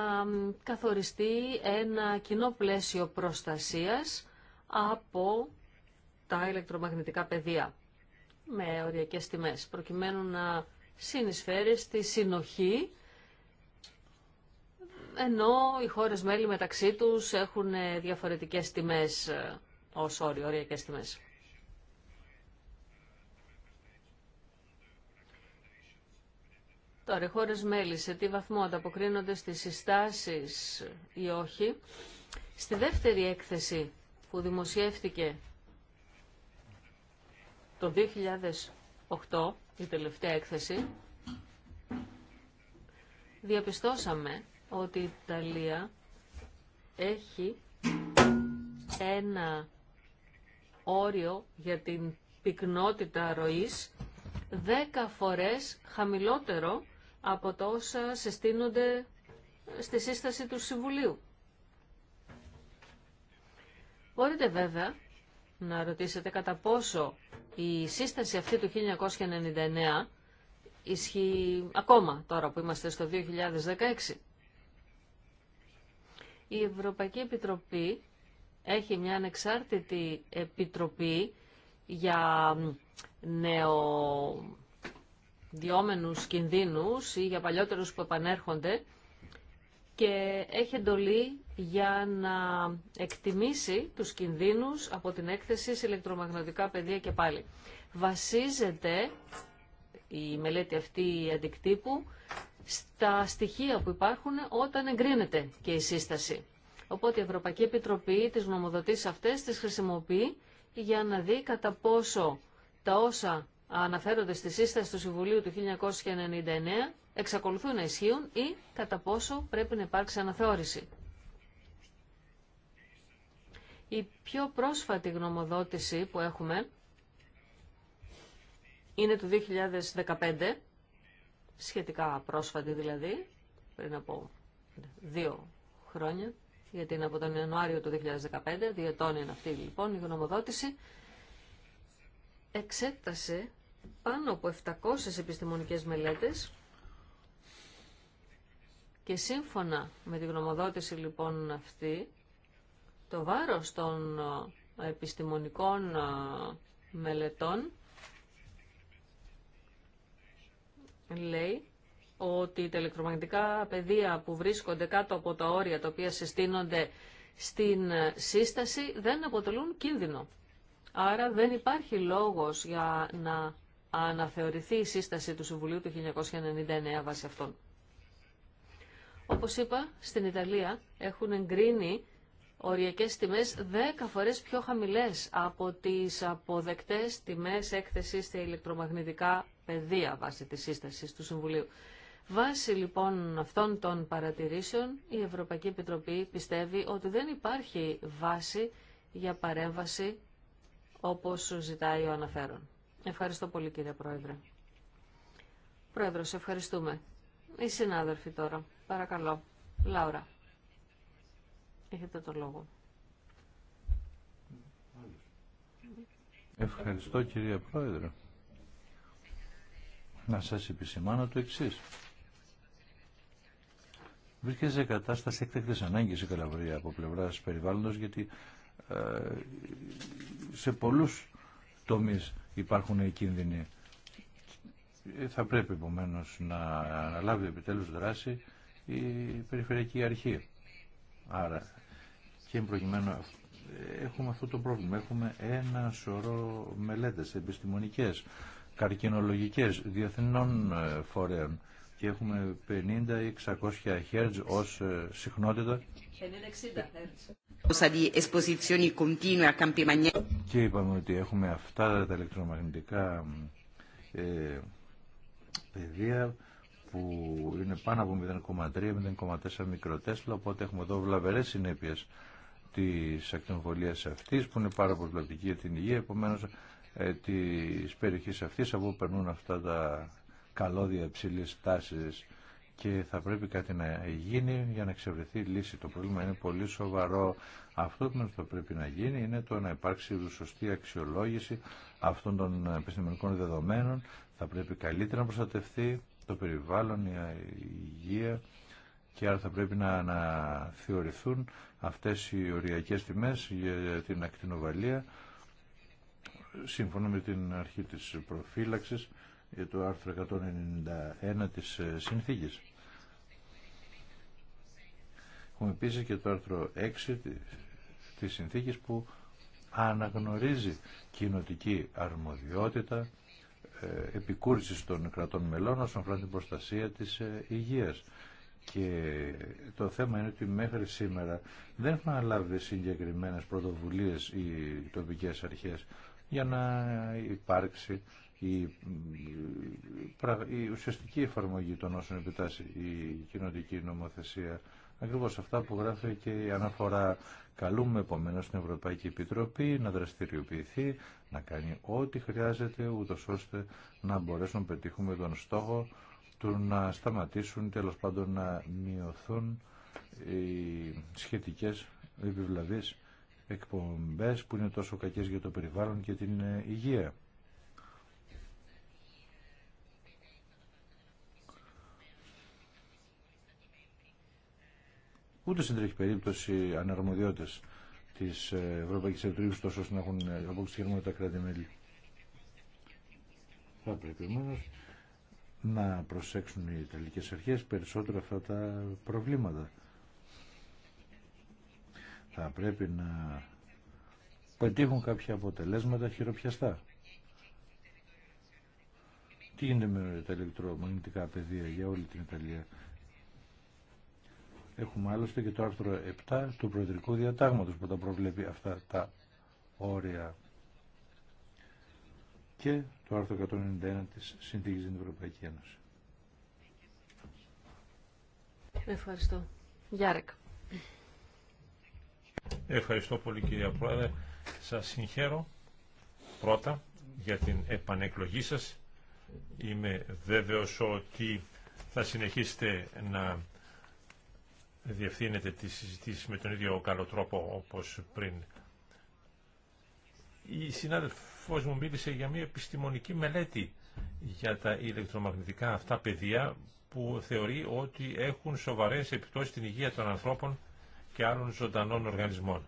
Speaker 1: καθοριστεί ένα κοινό πλαίσιο προστασίας από τα ηλεκτρομαγνητικά πεδία με οριακές τιμές, προκειμένου να συνεισφέρει στη συνοχή, ενώ οι χώρες μέλη μεταξύ τους έχουν διαφορετικές τιμές ε, ως όριο, οριακές τιμές. Τώρα, οι χώρες μέλη σε τι βαθμό ανταποκρίνονται στις συστάσεις ή όχι. Στη δεύτερη έκθεση που δημοσιεύτηκε το 2008, η τελευταία έκθεση, διαπιστώσαμε ότι η Ιταλία έχει ένα όριο για την πυκνότητα ροής 10 φορές χαμηλότερο από τόσα όσα συστήνονται στη σύσταση του Συμβουλίου. Μπορείτε βέβαια να ρωτήσετε κατά πόσο η σύσταση αυτή του 1999 ισχύει ακόμα τώρα που είμαστε στο 2016. Η Ευρωπαϊκή Επιτροπή έχει μια ανεξάρτητη επιτροπή για νεοδιόμενους κινδύνους ή για παλιότερους που επανέρχονται και έχει εντολή για να εκτιμήσει τους κινδύνους από την έκθεση σε ηλεκτρομαγνητικά πεδία και πάλι. Βασίζεται η μελέτη αυτή αντικτύπου στα στοιχεία που υπάρχουν όταν εγκρίνεται και η σύσταση. Οπότε η Ευρωπαϊκή Επιτροπή τις νομοδοτήσει αυτές τις χρησιμοποιεί για να δει κατά πόσο τα όσα αναφέρονται στη σύσταση του Συμβουλίου του 1999 εξακολουθούν να ισχύουν ή κατά πόσο πρέπει να υπάρξει αναθεώρηση. Η πιο πρόσφατη γνωμοδότηση που έχουμε είναι του 2015, σχετικά πρόσφατη δηλαδή, πριν από δύο χρόνια, γιατί είναι από τον Ιανουάριο του 2015, δύο είναι αυτή λοιπόν η γνωμοδότηση, εξέτασε πάνω από 700 επιστημονικές μελέτες και σύμφωνα με τη γνωμοδότηση λοιπόν αυτή το βάρος των ε, επιστημονικών ε, μελετών λέει ότι τα ηλεκτρομαγνητικά πεδία που βρίσκονται κάτω από τα όρια τα οποία συστήνονται στην ε, σύσταση δεν αποτελούν κίνδυνο. Άρα δεν υπάρχει λόγος για να αναθεωρηθεί η σύσταση του Συμβουλίου του 1999 βάσει αυτών. Όπως είπα, στην Ιταλία έχουν εγκρίνει οριακές τιμές 10 φορές πιο χαμηλές από τις αποδεκτές τιμές έκθεσης στα ηλεκτρομαγνητικά πεδία βάσει της σύστασης του Συμβουλίου. Βάσει λοιπόν αυτών των παρατηρήσεων, η Ευρωπαϊκή Επιτροπή πιστεύει ότι δεν υπάρχει βάση για παρέμβαση όπως ζητάει ο αναφέρον. Ευχαριστώ πολύ κύριε Πρόεδρε. Πρόεδρος, ευχαριστούμε. Οι συνάδελφοι τώρα, παρακαλώ. Λάουρα. Έχετε το λόγο.
Speaker 2: Ευχαριστώ κυρία Πρόεδρε. Να σας επισημάνω το εξής. Βρίσκεται σε κατάσταση έκτακτης ανάγκης η Καλαβρία από πλευράς περιβάλλοντος γιατί ε, σε πολλούς τομείς υπάρχουν οι κίνδυνοι. Ε, θα πρέπει επομένω να αναλάβει επιτέλους δράση η Περιφερειακή Αρχή. Άρα και προκειμένου έχουμε αυτό το πρόβλημα. Έχουμε ένα σωρό μελέτες επιστημονικές, καρκινολογικές, διεθνών ε, φορέων και έχουμε 50 600 Hz ως ε, συχνότητα. Και είπαμε ότι έχουμε αυτά τα ηλεκτρομαγνητικά ε, πεδία που είναι πάνω από 0,3-0,4 μικροτέσλα, οπότε έχουμε εδώ βλαβερές συνέπειες Τη ακτινοβολίας αυτή που είναι πάρα προσβλεπτική για την υγεία επομένω ε, της περιοχής αυτής από που περνούν αυτά τα καλώδια υψηλή τάσης και θα πρέπει κάτι να γίνει για να εξευρεθεί λύση. Το πρόβλημα είναι πολύ σοβαρό. Αυτό που θα πρέπει να γίνει είναι το να υπάρξει σωστή αξιολόγηση αυτών των επιστημονικών δεδομένων. Θα πρέπει καλύτερα να προστατευτεί το περιβάλλον, η υγεία, και άρα θα πρέπει να αναθεωρηθούν αυτές οι οριακές τιμές για την ακτινοβαλία σύμφωνα με την αρχή της προφύλαξης για το άρθρο 191 της ε, συνθήκης. Έχουμε επίση και το άρθρο 6 της συνθήκης που αναγνωρίζει κοινοτική αρμοδιότητα ε, επικούρησης των κρατών μελών όσον αφορά την προστασία της ε, υγείας. Και το θέμα είναι ότι μέχρι σήμερα δεν έχουν αναλάβει συγκεκριμένες πρωτοβουλίες οι τοπικές αρχές για να υπάρξει η, η ουσιαστική εφαρμογή των όσων επιτάσσει η κοινωτική νομοθεσία. Ακριβώς αυτά που γράφει και η αναφορά. Καλούμε επομένω την Ευρωπαϊκή Επιτροπή να δραστηριοποιηθεί, να κάνει ό,τι χρειάζεται, ούτω ώστε να μπορέσουν να πετύχουμε τον στόχο του να σταματήσουν, τέλος πάντων να μειωθούν οι σχετικές επιβλαβείς εκπομπές που είναι τόσο κακές για το περιβάλλον και την ε, υγεία. Ούτε συντρέχει περίπτωση αναρμοδιότητες της ε, Ευρωπαϊκής Επιτροπής τόσο να έχουν ε, αποκλειστική τα κράτη-μέλη. Θα πρέπει να προσέξουν οι Ιταλικές αρχές περισσότερο αυτά τα προβλήματα. Θα πρέπει να πετύχουν κάποια αποτελέσματα χειροπιαστά. Τι γίνεται με τα ηλεκτρομαγνητικά πεδία για όλη την Ιταλία. Έχουμε άλλωστε και το άρθρο 7 του Προεδρικού Διατάγματος που τα προβλέπει αυτά τα όρια και το άρθρο 191 της Συνθήκης της Ευρωπαϊκή Ένωση.
Speaker 1: Ευχαριστώ. Γιάρεκ.
Speaker 4: Ευχαριστώ πολύ κυρία Πρόεδρε. Σας συγχαίρω πρώτα για την επανεκλογή σας. Είμαι βέβαιος ότι θα συνεχίσετε να διευθύνετε τις συζητήσεις με τον ίδιο καλό τρόπο όπως πριν. Οι συνάδελφοι Φως μου μίλησε για μια επιστημονική μελέτη για τα ηλεκτρομαγνητικά αυτά πεδία που θεωρεί ότι έχουν σοβαρές επιπτώσεις στην υγεία των ανθρώπων και άλλων ζωντανών οργανισμών.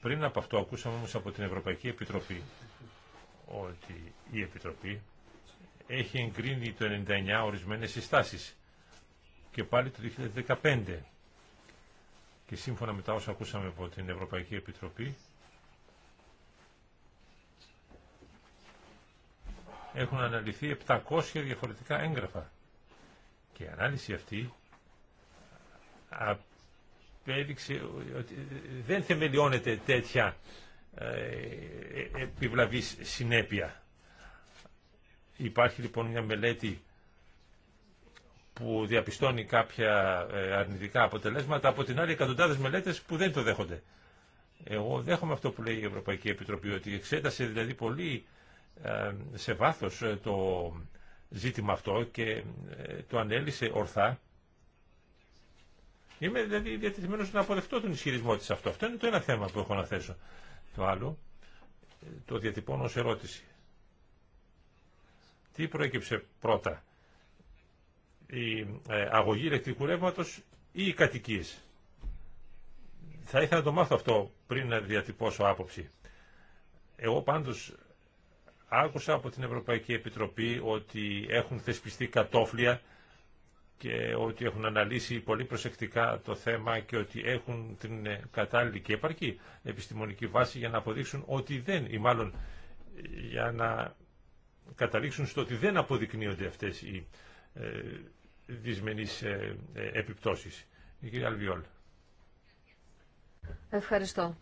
Speaker 4: Πριν από αυτό ακούσαμε όμως από την Ευρωπαϊκή Επιτροπή ότι η Επιτροπή έχει εγκρίνει το 99 ορισμένες συστάσεις και πάλι το 2015 και σύμφωνα με τα όσα ακούσαμε από την Ευρωπαϊκή Επιτροπή έχουν αναλυθεί 700 διαφορετικά έγγραφα. Και η ανάλυση αυτή απέδειξε ότι δεν θεμελιώνεται τέτοια ε, επιβλαβής συνέπεια. Υπάρχει λοιπόν μια μελέτη που διαπιστώνει κάποια ε, αρνητικά αποτελέσματα, από την άλλη εκατοντάδες μελέτες που δεν το δέχονται. Εγώ δέχομαι αυτό που λέει η Ευρωπαϊκή Επιτροπή, ότι εξέτασε δηλαδή πολύ ε, σε βάθος ε, το ζήτημα αυτό και ε, το ανέλησε ορθά. Είμαι δηλαδή διατεθειμένος να αποδεχτώ τον ισχυρισμό της αυτό. Αυτό είναι το ένα θέμα που έχω να θέσω. Το άλλο το διατυπώνω ως ερώτηση. Τι προέκυψε πρώτα, η αγωγή ηλεκτρικού ρεύματος ή οι κατοικίες. Θα ήθελα να το μάθω αυτό πριν να διατυπώσω άποψη. Εγώ πάντως Άκουσα από την Ευρωπαϊκή Επιτροπή ότι έχουν θεσπιστεί κατόφλια και ότι έχουν αναλύσει πολύ προσεκτικά το θέμα και ότι έχουν την ε, κατάλληλη και επαρκή επιστημονική βάση για να αποδείξουν ότι δεν, ή μάλλον ε, για να καταλήξουν στο ότι δεν αποδεικνύονται αυτές οι ε, δυσμενείς ε, επιπτώσεις. Η κυρία Αλβιόλ.
Speaker 1: Ευχαριστώ.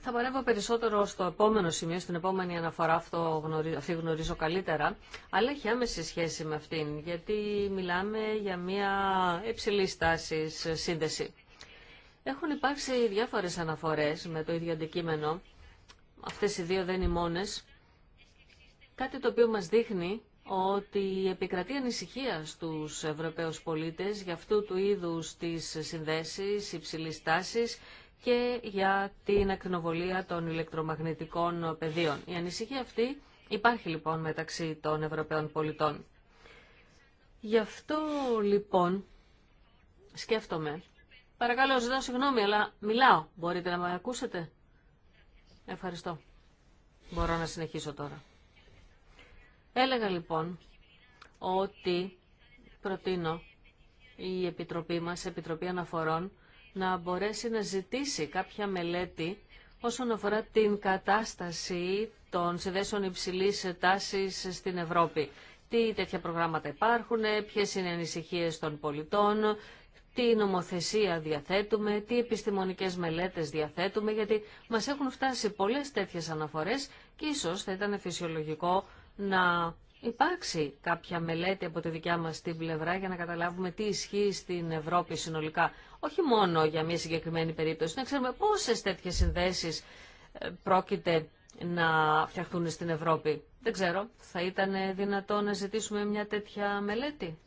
Speaker 1: Θα παρέμβω περισσότερο στο επόμενο σημείο, στην επόμενη αναφορά, αυτό γνωρίζω, αυτή γνωρίζω καλύτερα, αλλά έχει άμεση σχέση με αυτήν, γιατί μιλάμε για μια υψηλή τάση σύνδεση. Έχουν υπάρξει διάφορες αναφορές με το ίδιο αντικείμενο, αυτές οι δύο δεν είναι οι μόνες, κάτι το οποίο μας δείχνει ότι επικρατεί ανησυχία στους Ευρωπαίους πολίτες για αυτού του είδους τις συνδέσεις υψηλής τάσης και για την ακτινοβολία των ηλεκτρομαγνητικών πεδίων. Η ανησυχία αυτή υπάρχει λοιπόν μεταξύ των Ευρωπαίων πολιτών. Γι' αυτό λοιπόν σκέφτομαι. Παρακαλώ, ζητώ συγγνώμη, αλλά μιλάω. Μπορείτε να με ακούσετε. Ευχαριστώ. Μπορώ να συνεχίσω τώρα. Έλεγα λοιπόν ότι προτείνω η Επιτροπή μας, Επιτροπή Αναφορών, να μπορέσει να ζητήσει κάποια μελέτη όσον αφορά την κατάσταση των συνδέσεων υψηλή τάση στην Ευρώπη. Τι τέτοια προγράμματα υπάρχουν, ποιε είναι οι ανησυχίε των πολιτών, τι νομοθεσία διαθέτουμε, τι επιστημονικέ μελέτες διαθέτουμε, γιατί μα έχουν φτάσει πολλέ τέτοιε αναφορές και ίσω θα ήταν φυσιολογικό να υπάρξει κάποια μελέτη από τη δικιά μας την πλευρά για να καταλάβουμε τι ισχύει στην Ευρώπη συνολικά όχι μόνο για μια συγκεκριμένη περίπτωση, να ξέρουμε πόσε τέτοιε συνδέσει ε, πρόκειται να φτιαχτούν στην Ευρώπη. Δεν ξέρω, θα ήταν δυνατό να ζητήσουμε μια τέτοια μελέτη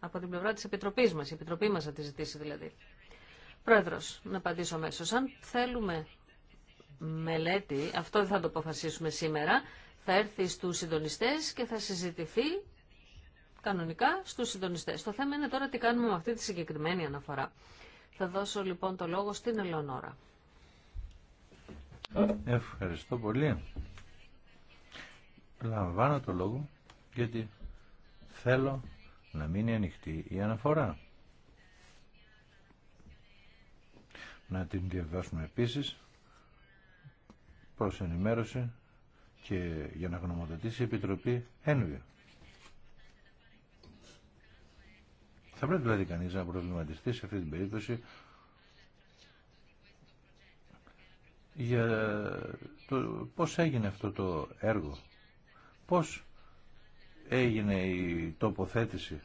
Speaker 1: από την πλευρά της Επιτροπής μας. Η Επιτροπή μας θα τη ζητήσει δηλαδή. Πρόεδρος, να απαντήσω αμέσω. Αν θέλουμε μελέτη, αυτό δεν θα το αποφασίσουμε σήμερα, θα έρθει στους συντονιστές και θα συζητηθεί κανονικά στους συντονιστές. Το θέμα είναι τώρα τι κάνουμε με αυτή τη συγκεκριμένη αναφορά. Θα δώσω λοιπόν το λόγο στην Ελεονόρα.
Speaker 2: Ευχαριστώ πολύ. Λαμβάνω το λόγο γιατί θέλω να μείνει ανοιχτή η αναφορά. Να την διαβάσουμε επίσης προς ενημέρωση και για να γνωμοδοτήσει η Επιτροπή Ένβια. Θα πρέπει δηλαδή κανείς να προβληματιστεί σε αυτή την περίπτωση για το πώς έγινε αυτό το έργο, πώς έγινε η τοποθέτηση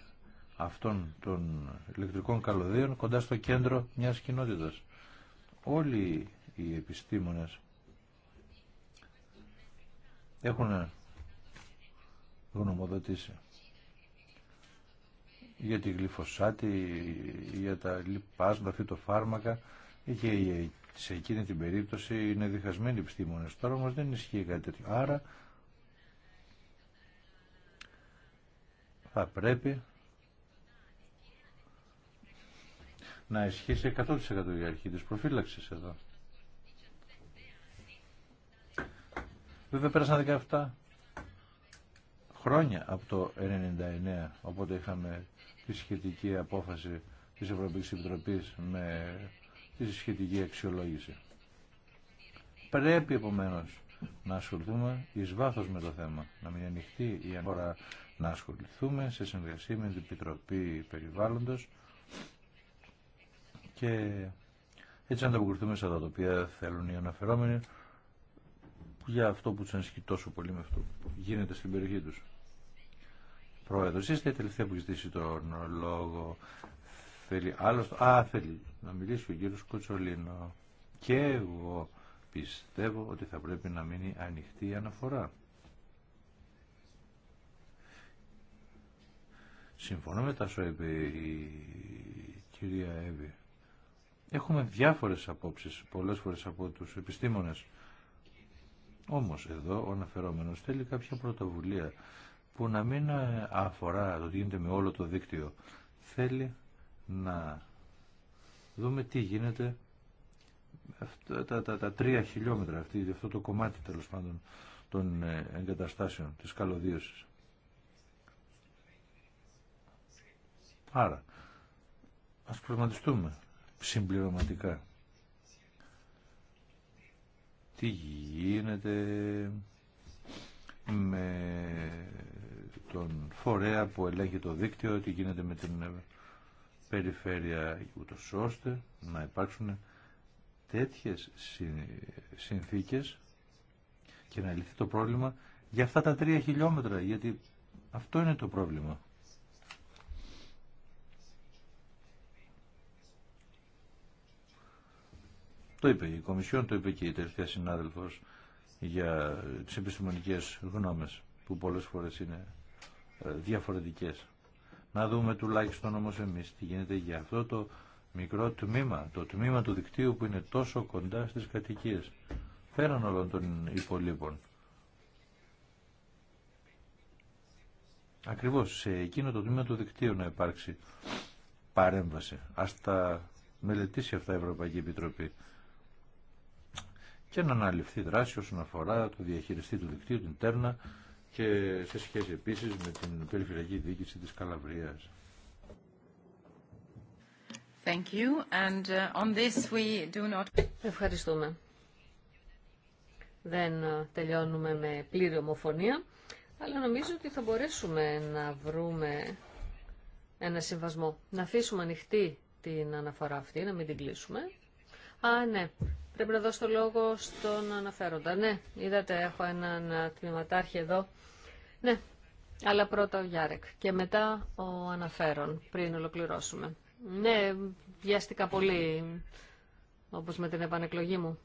Speaker 2: αυτών των ηλεκτρικών καλωδίων κοντά στο κέντρο μιας κοινότητας. Όλοι οι επιστήμονες έχουν γνωμοδοτήσει για τη γλυφοσάτη, για τα λοιπάσματα, φυτοφάρμακα και σε εκείνη την περίπτωση είναι διχασμένοι επιστήμονε. Τώρα όμω δεν ισχύει κάτι τέτοιο. Άρα θα πρέπει να ισχύσει 100% η αρχή τη προφύλαξης εδώ. Βέβαια πέρασαν 17 χρόνια από το 99, οπότε είχαμε τη σχετική απόφαση της Ευρωπαϊκής Επιτροπής με τη σχετική αξιολόγηση. Πρέπει επομένως να ασχοληθούμε εις βάθος με το θέμα, να μην ανοιχτεί η αγορά να ασχοληθούμε σε συνεργασία με την Επιτροπή Περιβάλλοντος και έτσι να ανταποκριθούμε σε αυτά τα οποία θέλουν οι αναφερόμενοι για αυτό που τους ανησυχεί τόσο πολύ με αυτό που γίνεται στην περιοχή τους. Πρόεδρος. Είστε η τελευταία που ζητήσει τον λόγο. Θέλει άλλος... Α, θέλει να μιλήσει ο κύριο Κοτσολίνο. Και εγώ πιστεύω ότι θα πρέπει να μείνει ανοιχτή η αναφορά. Συμφωνώ με τα σου είπε η κυρία Εύη. Έχουμε διάφορες απόψεις πολλές φορές από τους επιστήμονες. Όμως εδώ ο αναφερόμενος θέλει κάποια πρωτοβουλία που να μην ε, αφορά το τι γίνεται με όλο το δίκτυο. Θέλει να δούμε τι γίνεται αυτά, τα, τα, τρία χιλιόμετρα, αυτή, αυτό το κομμάτι τέλος πάντων των ε, εγκαταστάσεων, της καλωδίωσης. Άρα, ας προγραμματιστούμε συμπληρωματικά. Τι γίνεται με τον φορέα που ελέγχει το δίκτυο, τι γίνεται με την περιφέρεια ούτως ώστε να υπάρξουν τέτοιες συνθήκες και να λυθεί το πρόβλημα για αυτά τα τρία χιλιόμετρα, γιατί αυτό είναι το πρόβλημα. Το είπε η Κομισιόν, το είπε και η τελευταία συνάδελφος για τις επιστημονικές γνώμες που πολλές φορές είναι ε, διαφορετικές. Να δούμε τουλάχιστον όμως εμείς τι γίνεται για αυτό το μικρό τμήμα, το τμήμα του δικτύου που είναι τόσο κοντά στις κατοικίες, πέραν όλων των υπολείπων. Ακριβώς σε εκείνο το τμήμα του δικτύου να υπάρξει παρέμβαση. Ας τα μελετήσει αυτά η Ευρωπαϊκή Επιτροπή και να αναλυφθεί δράση όσον αφορά το διαχειριστή του δικτύου, την τέρνα, και σε σχέση επίσης με την περιφερειακή διοίκηση της Καλαβρίας.
Speaker 1: you. And uh, Ευχαριστούμε. Δεν uh, τελειώνουμε με πλήρη ομοφωνία, αλλά νομίζω ότι θα μπορέσουμε να βρούμε ένα συμβασμό. Να αφήσουμε ανοιχτή την αναφορά αυτή, να μην την κλείσουμε. Α, ναι. Πρέπει να δώσω το λόγο στον αναφέροντα. Ναι, είδατε, έχω έναν uh, τμήματάρχη εδώ ναι, αλλά πρώτα ο Γιάρεκ και μετά ο Αναφέρον, πριν ολοκληρώσουμε. Ναι, βιάστηκα πολύ, όπως με την επανεκλογή μου.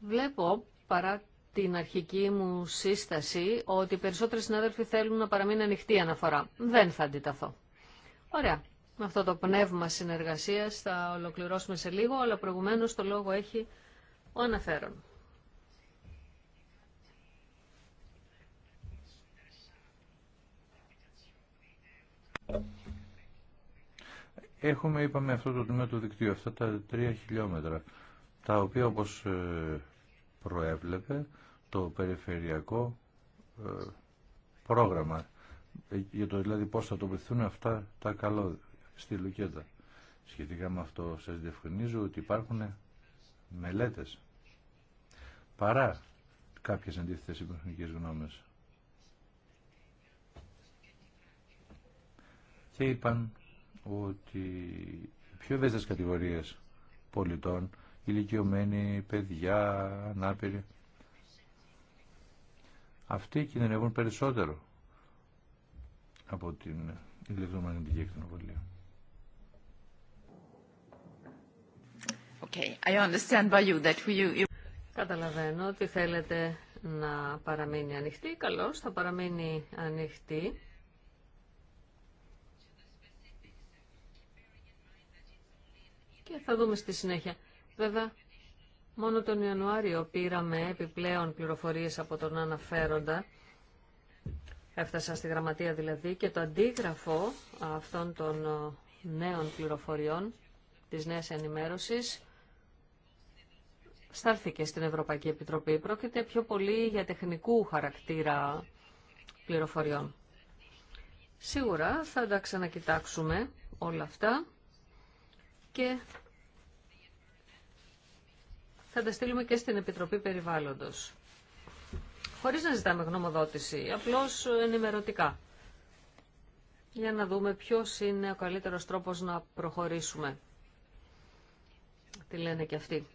Speaker 1: Βλέπω, παρά την αρχική μου σύσταση, ότι οι περισσότεροι συνάδελφοι θέλουν να παραμείνει ανοιχτή αναφορά. Δεν θα αντιταθώ. Ωραία. Με αυτό το πνεύμα συνεργασίας θα ολοκληρώσουμε σε λίγο, αλλά προηγουμένως το λόγο έχει ο αναφέρον.
Speaker 2: Έχουμε, είπαμε, αυτό το τμήμα του δικτύου, αυτά τα τρία χιλιόμετρα, τα οποία όπως ε, προέβλεπε το περιφερειακό ε, πρόγραμμα, ε, για το δηλαδή πώς θα τοποθετηθούν αυτά τα καλό στη Λουκέτα. Σχετικά με αυτό σας διευκρινίζω ότι υπάρχουν μελέτες παρά κάποιες αντίθετες υπερχνικές γνώμες. Και είπαν ότι πιο ευαίσθητες κατηγορίες πολιτών, ηλικιωμένοι, παιδιά, ανάπηροι, αυτοί κινδυνεύουν περισσότερο από την ηλεκτρομαγνητική εκτενοβολία.
Speaker 1: Okay. I Καταλαβαίνω ότι θέλετε να παραμείνει ανοιχτή. Καλώς, θα παραμείνει ανοιχτή και θα δούμε στη συνέχεια. Βέβαια, μόνο τον Ιανουάριο πήραμε επιπλέον πληροφορίες από τον αναφέροντα. Έφτασα στη γραμματεία δηλαδή και το αντίγραφο αυτών των ε, νέων πληροφοριών της νέας ενημέρωσης στάλθηκε στην Ευρωπαϊκή Επιτροπή. Πρόκειται πιο πολύ για τεχνικού χαρακτήρα πληροφοριών. Σίγουρα θα τα ξανακοιτάξουμε όλα αυτά και θα τα στείλουμε και στην Επιτροπή Περιβάλλοντος. Χωρίς να ζητάμε γνωμοδότηση, απλώς ενημερωτικά. Για να δούμε ποιος είναι ο καλύτερος τρόπος να προχωρήσουμε. Τι λένε και αυτοί.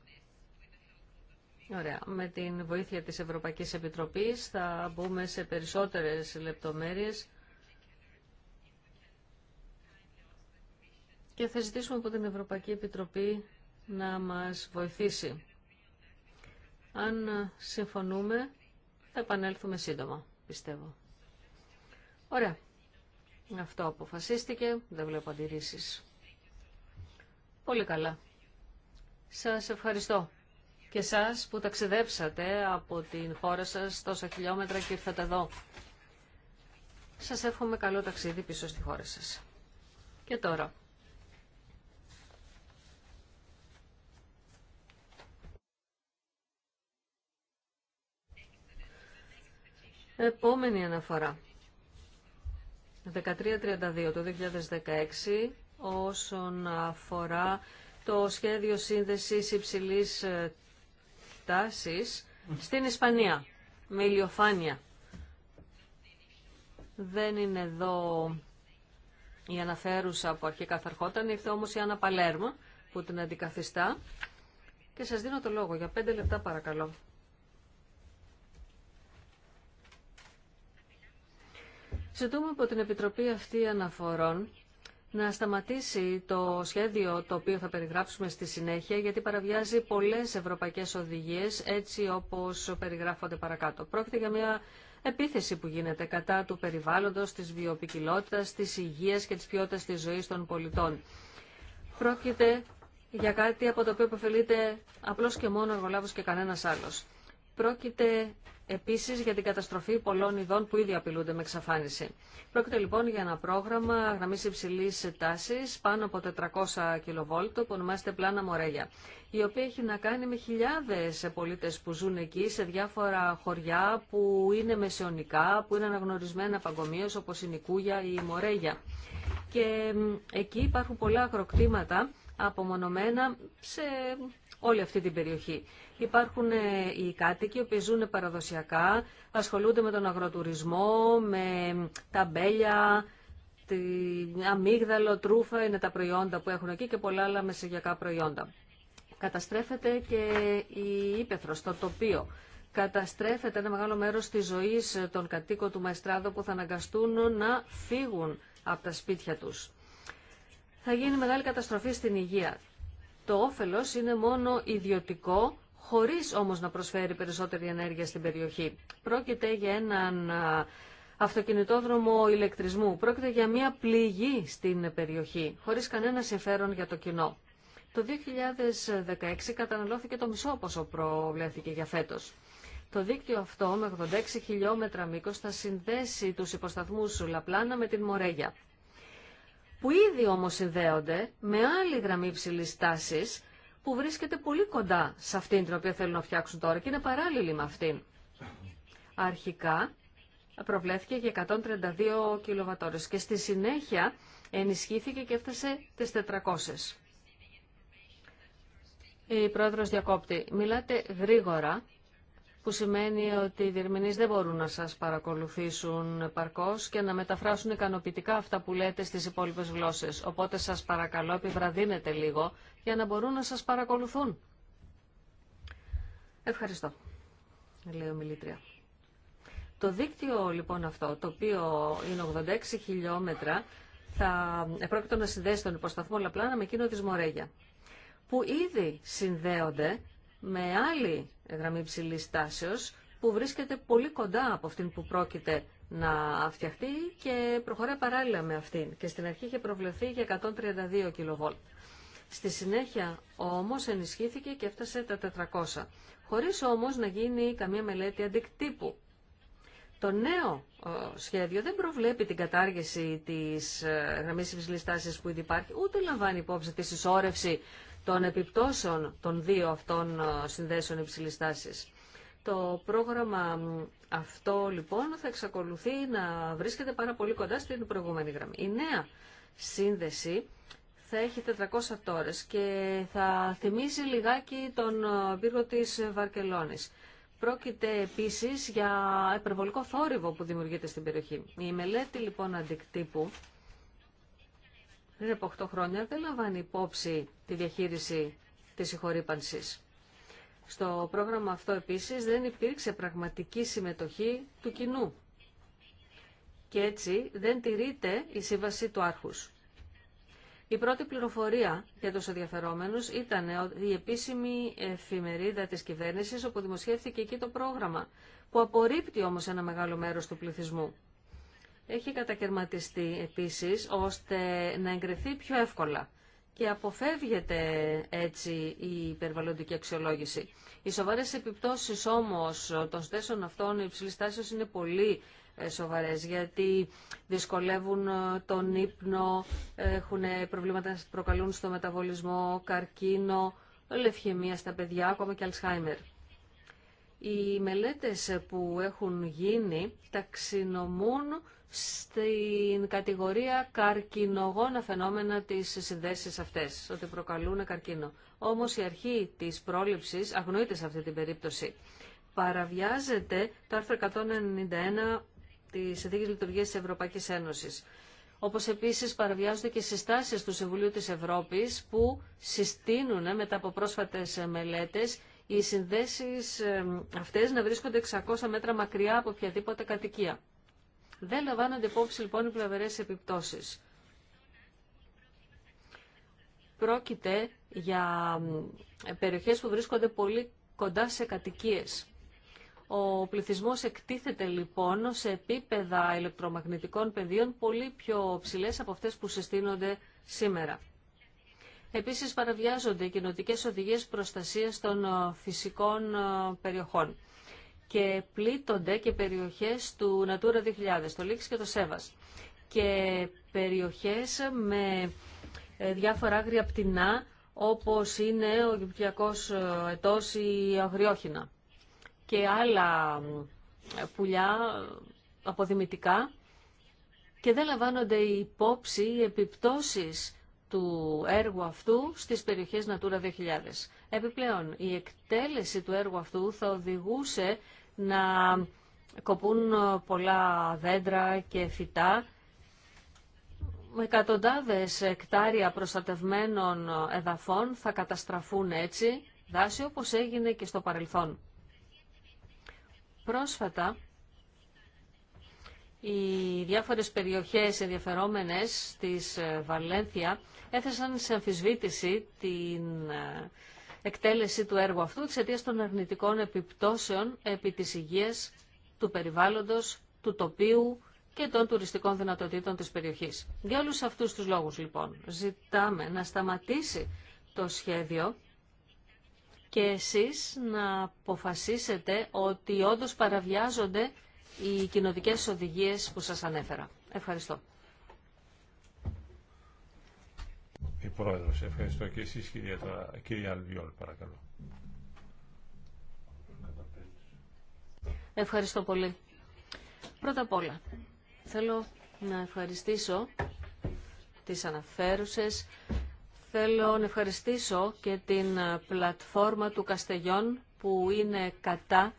Speaker 1: Ωραία. Με την βοήθεια της Ευρωπαϊκής Επιτροπής θα μπούμε σε περισσότερες λεπτομέρειες και θα ζητήσουμε από την Ευρωπαϊκή Επιτροπή να μας βοηθήσει αν συμφωνούμε, θα επανέλθουμε σύντομα, πιστεύω. Ωραία. Αυτό αποφασίστηκε. Δεν βλέπω αντιρρήσει. Πολύ καλά. Σας ευχαριστώ. Και σας που ταξιδέψατε από την χώρα σας τόσα χιλιόμετρα και ήρθατε εδώ. Σας εύχομαι καλό ταξίδι πίσω στη χώρα σας. Και τώρα. Επόμενη αναφορά. 1332 το 2016 όσον αφορά το σχέδιο σύνδεσης υψηλής ε, τάσης στην Ισπανία με ηλιοφάνεια. Δεν είναι εδώ η αναφέρουσα που αρχικά θα ερχόταν, ήρθε όμως η Άννα Παλέρμα που την αντικαθιστά και σας δίνω το λόγο για πέντε λεπτά παρακαλώ. Ζητούμε από την Επιτροπή αυτή αναφορών να σταματήσει το σχέδιο το οποίο θα περιγράψουμε στη συνέχεια γιατί παραβιάζει πολλές ευρωπαϊκές οδηγίες έτσι όπως περιγράφονται παρακάτω. Πρόκειται για μια επίθεση που γίνεται κατά του περιβάλλοντος, της βιοποικιλότητας, της υγείας και της ποιότητας της ζωής των πολιτών. Πρόκειται για κάτι από το οποίο υποφελείται απλώς και μόνο εργολάβος και κανένας άλλος. Πρόκειται Επίση για την καταστροφή πολλών ειδών που ήδη απειλούνται με εξαφάνιση. Πρόκειται λοιπόν για ένα πρόγραμμα γραμμή υψηλή τάση πάνω από 400 κιλοβόλτο που ονομάζεται Πλάνα Μορέλια, η οποία έχει να κάνει με χιλιάδε πολίτε που ζουν εκεί σε διάφορα χωριά που είναι μεσαιωνικά, που είναι αναγνωρισμένα παγκομίω όπω η Νικούγια ή η η μορεγια Και εκεί υπάρχουν πολλά αγροκτήματα απομονωμένα σε όλη αυτή την περιοχή. Υπάρχουν ε, οι κάτοικοι που ζουν παραδοσιακά, ασχολούνται με τον αγροτουρισμό, με τα τη αμύγδαλο, τρούφα είναι τα προϊόντα που έχουν εκεί και πολλά άλλα μεσογειακά προϊόντα. Καταστρέφεται και η ύπεθρος, το τοπίο. Καταστρέφεται ένα μεγάλο μέρος της ζωής των κατοίκων του μαεστράδου που θα αναγκαστούν να φύγουν από τα σπίτια τους. Θα γίνει μεγάλη καταστροφή στην υγεία. Το όφελος είναι μόνο ιδιωτικό χωρίς όμως να προσφέρει περισσότερη ενέργεια στην περιοχή. Πρόκειται για έναν αυτοκινητόδρομο ηλεκτρισμού. Πρόκειται για μια πληγή στην περιοχή, χωρίς κανένα συμφέρον για το κοινό. Το 2016 καταναλώθηκε το μισό πόσο προβλέφθηκε για φέτος. Το δίκτυο αυτό με 86 χιλιόμετρα μήκος θα συνδέσει τους υποσταθμούς Λαπλάνα με την Μορέγια, που ήδη όμως συνδέονται με άλλη γραμμή ψηλής τάσης που βρίσκεται πολύ κοντά σε αυτήν την οποία θέλουν να φτιάξουν τώρα και είναι παράλληλη με αυτήν. Αρχικά προβλέφθηκε για 132 κιλοβατόρες και στη συνέχεια ενισχύθηκε και έφτασε τις 400. Η πρόεδρος διακόπτη, μιλάτε γρήγορα που σημαίνει ότι οι διερμηνείς δεν μπορούν να σας παρακολουθήσουν επαρκώς και να μεταφράσουν ικανοποιητικά αυτά που λέτε στις υπόλοιπες γλώσσες. Οπότε σας παρακαλώ επιβραδύνετε λίγο για να μπορούν να σας παρακολουθούν. Ευχαριστώ, λέει ο Μιλήτρια. Το δίκτυο λοιπόν αυτό, το οποίο είναι 86 χιλιόμετρα, θα επρόκειτο να συνδέσει τον υποσταθμό Λαπλάνα με εκείνο της Μορέγια, που ήδη συνδέονται με άλλη γραμμή ψηλής τάσεως που βρίσκεται πολύ κοντά από αυτήν που πρόκειται να φτιαχτεί και προχωράει παράλληλα με αυτήν και στην αρχή είχε προβλεφθεί για 132 κιλοβόλτ. Στη συνέχεια όμως ενισχύθηκε και έφτασε τα 400, χωρίς όμως να γίνει καμία μελέτη αντικτύπου. Το νέο ε, σχέδιο δεν προβλέπει την κατάργηση της ε, γραμμής υψηλής τάσης που ήδη υπάρχει, ούτε λαμβάνει υπόψη τη συσσόρευση των επιπτώσεων των δύο αυτών ε, συνδέσεων υψηλής τάσης. Το πρόγραμμα αυτό λοιπόν θα εξακολουθεί να βρίσκεται πάρα πολύ κοντά στην προηγούμενη γραμμή. Η νέα σύνδεση θα έχει 400 τόρες και θα θυμίζει λιγάκι τον ε, πύργο της Βαρκελόνης. Πρόκειται επίσης για υπερβολικό θόρυβο που δημιουργείται στην περιοχή. Η μελέτη λοιπόν αντικτύπου πριν από 8 χρόνια δεν λαμβάνει υπόψη τη διαχείριση της συγχωρήπανσης. Στο πρόγραμμα αυτό επίσης δεν υπήρξε πραγματική συμμετοχή του κοινού και έτσι δεν τηρείται η σύμβαση του άρχους. Η πρώτη πληροφορία για τους ενδιαφερόμενους ήταν η επίσημη εφημερίδα της κυβέρνησης όπου δημοσιεύθηκε εκεί το πρόγραμμα, που απορρίπτει όμως ένα μεγάλο μέρος του πληθυσμού έχει κατακαιρματιστεί επίσης ώστε να εγκριθεί πιο εύκολα και αποφεύγεται έτσι η περιβαλλοντική αξιολόγηση. Οι σοβαρές επιπτώσεις όμως των στέσεων αυτών υψηλή τάση είναι πολύ ε, σοβαρέ, γιατί δυσκολεύουν ε, τον ύπνο, έχουν προβλήματα να προκαλούν στο μεταβολισμό, καρκίνο, λευχαιμία στα παιδιά, ακόμα και αλσχάιμερ. Οι μελέτες που έχουν γίνει ταξινομούν στην κατηγορία καρκινογόνα φαινόμενα της συνδέσεις αυτές, ότι προκαλούν καρκίνο. Όμως η αρχή της πρόληψης αγνοείται σε αυτή την περίπτωση. Παραβιάζεται το άρθρο 191 της Συνθήκης Λειτουργίας της Ευρωπαϊκής Ένωσης. Όπως επίσης παραβιάζονται και συστάσεις του Συμβουλίου της Ευρώπης που συστήνουν ε, μετά από πρόσφατες ε, μελέτες οι συνδέσεις ε, αυτές να βρίσκονται 600 μέτρα μακριά από οποιαδήποτε κατοικία. Δεν λαμβάνονται υπόψη λοιπόν οι πλευρές επιπτώσεις. Πρόκειται για περιοχές που βρίσκονται πολύ κοντά σε κατοικίες. Ο πληθυσμός εκτίθεται λοιπόν σε επίπεδα ηλεκτρομαγνητικών πεδίων πολύ πιο ψηλές από αυτές που συστήνονται σήμερα. Επίσης παραβιάζονται οι κοινοτικές οδηγίες προστασίας των ε, φυσικών ε, περιοχών και πλήττονται και περιοχές του Natura 2000, το Λίξ και το Σέβας και περιοχές με ε, διάφορα άγρια πτηνά όπως είναι ο 200 ε, ετός ή αγριόχινα και άλλα ε, πουλιά αποδημητικά και δεν λαμβάνονται υπόψη οι επιπτώσεις του έργου αυτού στις περιοχές Natura 2000. Επιπλέον, η εκτέλεση του έργου αυτού θα οδηγούσε να κοπούν πολλά δέντρα και φυτά με εκατοντάδες εκτάρια προστατευμένων εδαφών θα καταστραφούν έτσι δάση όπως έγινε και στο παρελθόν. Πρόσφατα, οι διάφορες περιοχές ενδιαφερόμενες της Βαλένθια έθεσαν σε αμφισβήτηση την εκτέλεση του έργου αυτού εξαιτία των αρνητικών επιπτώσεων επί της υγείας, του περιβάλλοντος, του τοπίου και των τουριστικών δυνατοτήτων της περιοχής. Για όλους αυτούς τους λόγους λοιπόν ζητάμε να σταματήσει το σχέδιο και εσείς να αποφασίσετε ότι όντως παραβιάζονται οι κοινοτικές οδηγίες που σας ανέφερα. Ευχαριστώ.
Speaker 4: Πρόεδρος. Ευχαριστώ και εσείς κυρία, Αλβιόλ, παρακαλώ.
Speaker 1: Ευχαριστώ πολύ. Πρώτα απ' όλα, θέλω να ευχαριστήσω τις αναφέρουσες. Θέλω να ευχαριστήσω και την πλατφόρμα του Καστεγιών που είναι κατά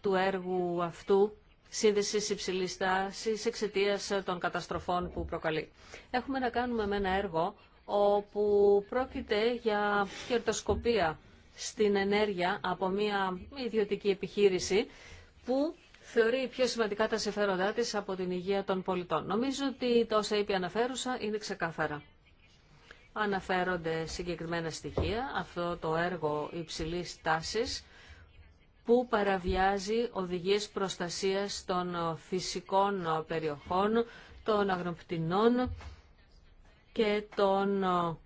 Speaker 1: του έργου αυτού συνδεση υψηλή τάση εξαιτία των καταστροφών που προκαλεί. Έχουμε να κάνουμε με ένα έργο όπου πρόκειται για κερδοσκοπία στην ενέργεια από μια ιδιωτική επιχείρηση που θεωρεί πιο σημαντικά τα συμφέροντά της από την υγεία των πολιτών. Νομίζω ότι τα όσα είπε αναφέρουσα είναι ξεκάθαρα. Αναφέρονται συγκεκριμένα στοιχεία, αυτό το έργο υψηλής τάσης που παραβιάζει οδηγίες προστασίας των φυσικών περιοχών, των αγροπτηνών, και των ε,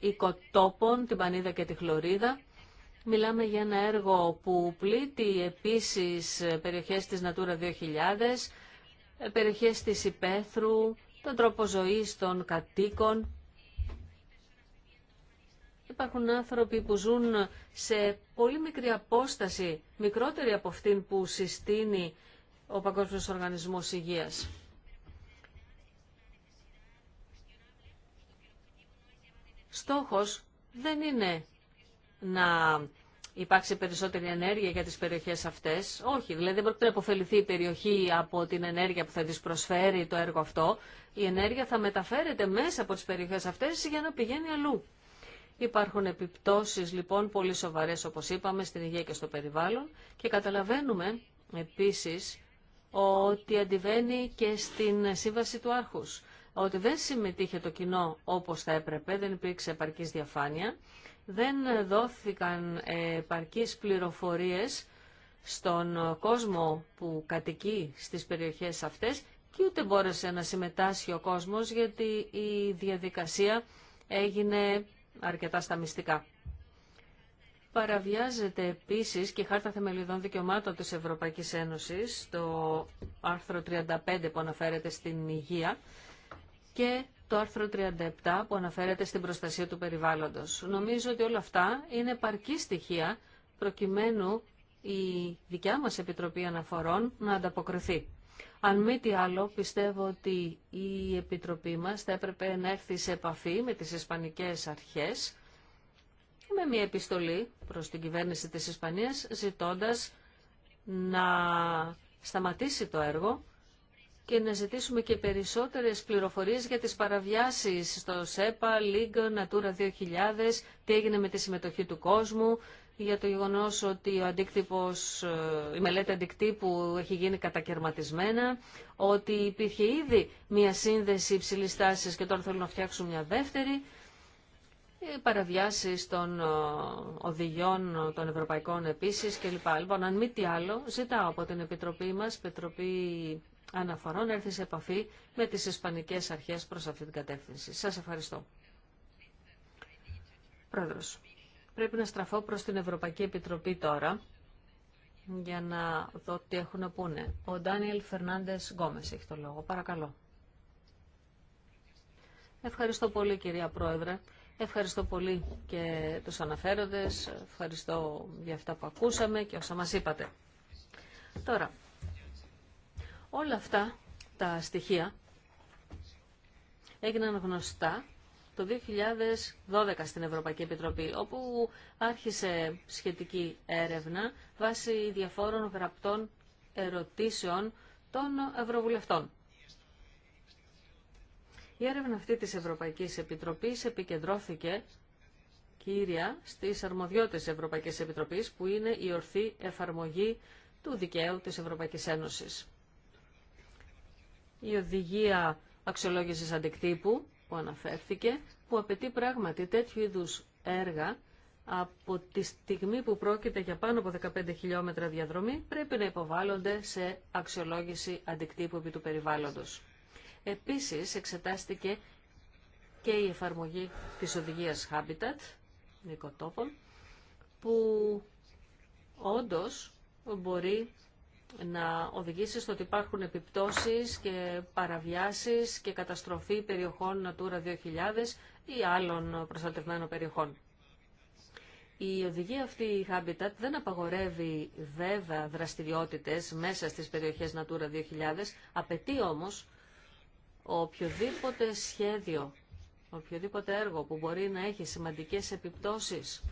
Speaker 1: οικοτόπων, την Πανίδα και τη Χλωρίδα. Μιλάμε για ένα έργο που πλήττει επίσης ε, περιοχές της Natura 2000, ε, περιοχές της Υπέθρου, τον τρόπο ζωής των κατοίκων. Υπάρχουν άνθρωποι που ζουν σε πολύ μικρή απόσταση, μικρότερη από αυτήν που συστήνει ο Παγκόσμιος Οργανισμός Υγείας. Στόχος δεν είναι να υπάρξει περισσότερη ενέργεια για τις περιοχές αυτές. Όχι, δηλαδή δεν πρέπει να υποφεληθεί η περιοχή από την ενέργεια που θα της προσφέρει το έργο αυτό. Η ενέργεια θα μεταφέρεται μέσα από τις περιοχές αυτές για να πηγαίνει αλλού. Υπάρχουν επιπτώσεις λοιπόν πολύ σοβαρές όπως είπαμε στην υγεία και στο περιβάλλον και καταλαβαίνουμε επίσης ότι αντιβαίνει και στην σύμβαση του άρχους ότι δεν συμμετείχε το κοινό όπως θα έπρεπε, δεν υπήρξε επαρκής διαφάνεια, δεν δόθηκαν επαρκείς πληροφορίες στον κόσμο που κατοικεί στις περιοχές αυτές και ούτε μπόρεσε να συμμετάσχει ο κόσμος γιατί η διαδικασία έγινε αρκετά στα μυστικά. Παραβιάζεται επίσης και η Χάρτα Θεμελιδών Δικαιωμάτων της Ευρωπαϊκής Ένωσης, το άρθρο 35 που αναφέρεται στην υγεία, και το άρθρο 37 που αναφέρεται στην προστασία του περιβάλλοντος. Νομίζω ότι όλα αυτά είναι παρκή στοιχεία προκειμένου η δικιά μας Επιτροπή Αναφορών να ανταποκριθεί. Αν μη τι άλλο, πιστεύω ότι η Επιτροπή μας θα έπρεπε να έρθει σε επαφή με τις Ισπανικές Αρχές με μια επιστολή προς την κυβέρνηση της Ισπανίας ζητώντας να σταματήσει το έργο και να ζητήσουμε και περισσότερες πληροφορίες για τις παραβιάσεις στο ΣΕΠΑ, Λίγκο, Νατούρα 2000, τι έγινε με τη συμμετοχή του κόσμου, για το γεγονός ότι ο αντίκτυπος, ε, η μελέτη αντικτύπου έχει γίνει κατακαιρματισμένα, ότι υπήρχε ήδη μια σύνδεση υψηλή τάση και τώρα θέλουν να φτιάξουν μια δεύτερη, οι παραβιάσεις των ε, οδηγιών των ευρωπαϊκών επίσης κλπ. Λοιπόν, αν μη τι άλλο, ζητάω από την Επιτροπή μας, Επιτροπή αναφορών έρθει σε επαφή με τις Ισπανικές Αρχές προς αυτή την κατεύθυνση. Σας ευχαριστώ. Πρόεδρος, πρέπει να στραφώ προς την Ευρωπαϊκή Επιτροπή τώρα για να δω τι έχουν να πούνε. Ο Ντάνιελ Φερνάντες Γκόμες έχει το λόγο. Παρακαλώ. Ευχαριστώ πολύ κυρία Πρόεδρε. Ευχαριστώ πολύ και τους αναφέροντες. Ευχαριστώ για αυτά που ακούσαμε και όσα μας είπατε. Τώρα, Όλα αυτά τα στοιχεία έγιναν γνωστά το 2012 στην Ευρωπαϊκή Επιτροπή, όπου άρχισε σχετική έρευνα βάσει διαφόρων γραπτών ερωτήσεων των Ευρωβουλευτών. Η έρευνα αυτή της Ευρωπαϊκής Επιτροπής επικεντρώθηκε κύρια στις αρμοδιότητες Ευρωπαϊκής Επιτροπής, που είναι η ορθή εφαρμογή του δικαίου της Ευρωπαϊκής Ένωσης η οδηγία αξιολόγησης αντικτύπου που αναφέρθηκε, που απαιτεί πράγματι τέτοιου είδους έργα από τη στιγμή που πρόκειται για πάνω από 15 χιλιόμετρα διαδρομή πρέπει να υποβάλλονται σε αξιολόγηση αντικτύπου επί του περιβάλλοντος. Επίσης εξετάστηκε και η εφαρμογή της οδηγίας Habitat, νοικοτόπων, που όντως μπορεί να οδηγήσει στο ότι υπάρχουν επιπτώσεις και παραβιάσεις και καταστροφή περιοχών Natura 2000 ή άλλων προστατευμένων περιοχών. Η οδηγία αυτή η Habitat δεν απαγορεύει βέβαια δραστηριότητες μέσα στις περιοχές Natura 2000, απαιτεί όμως οποιοδήποτε σχέδιο, οποιοδήποτε έργο που μπορεί να έχει σημαντικές επιπτώσεις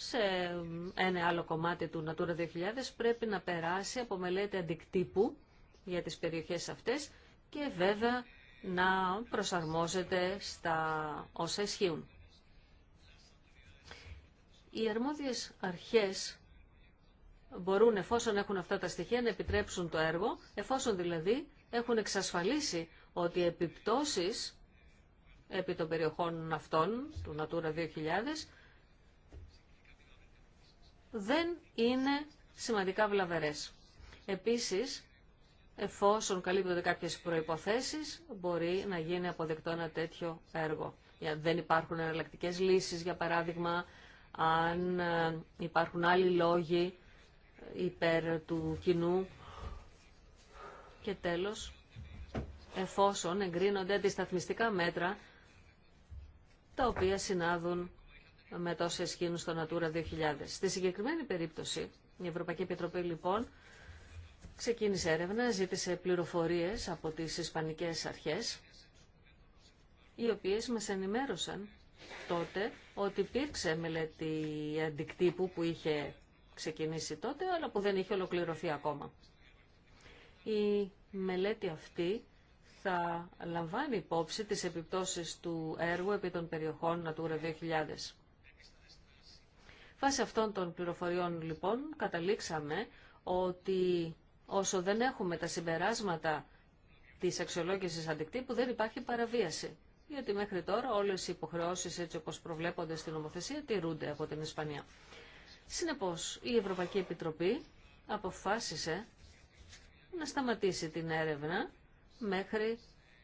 Speaker 1: σε ένα άλλο κομμάτι του Natura 2000 πρέπει να περάσει από μελέτη αντικτύπου για τις περιοχές αυτές και βέβαια να προσαρμόζεται στα όσα ισχύουν. Οι αρμόδιες αρχές μπορούν εφόσον έχουν αυτά τα στοιχεία να επιτρέψουν το έργο, εφόσον δηλαδή έχουν εξασφαλίσει ότι οι επιπτώσεις επί των περιοχών αυτών του Natura 2000 δεν είναι σημαντικά βλαβερές. Επίσης, εφόσον καλύπτονται κάποιες προϋποθέσεις, μπορεί να γίνει αποδεκτό ένα τέτοιο έργο. Δεν υπάρχουν εναλλακτικέ λύσεις, για παράδειγμα, αν ε, υπάρχουν άλλοι λόγοι ε, υπέρ του κοινού. Και τέλος, εφόσον εγκρίνονται αντισταθμιστικά μέτρα, τα οποία συνάδουν με τόσε γίνουν στο Natura 2000. Στη συγκεκριμένη περίπτωση, η Ευρωπαϊκή Επιτροπή λοιπόν ξεκίνησε έρευνα, ζήτησε πληροφορίες από τις Ισπανικές αρχές, οι οποίες μας ενημέρωσαν τότε ότι υπήρξε μελέτη αντικτύπου που είχε ξεκινήσει τότε, αλλά που δεν είχε ολοκληρωθεί ακόμα. Η μελέτη αυτή θα λαμβάνει υπόψη τις επιπτώσεις του έργου επί των περιοχών Natura 2000. Βάσει αυτών των πληροφοριών λοιπόν καταλήξαμε ότι όσο δεν έχουμε τα συμπεράσματα της αξιολόγησης αντικτύπου δεν υπάρχει παραβίαση. Γιατί μέχρι τώρα όλες οι υποχρεώσεις έτσι όπως προβλέπονται στην νομοθεσία τηρούνται από την Ισπανία. Συνεπώς η Ευρωπαϊκή Επιτροπή αποφάσισε να σταματήσει την έρευνα μέχρι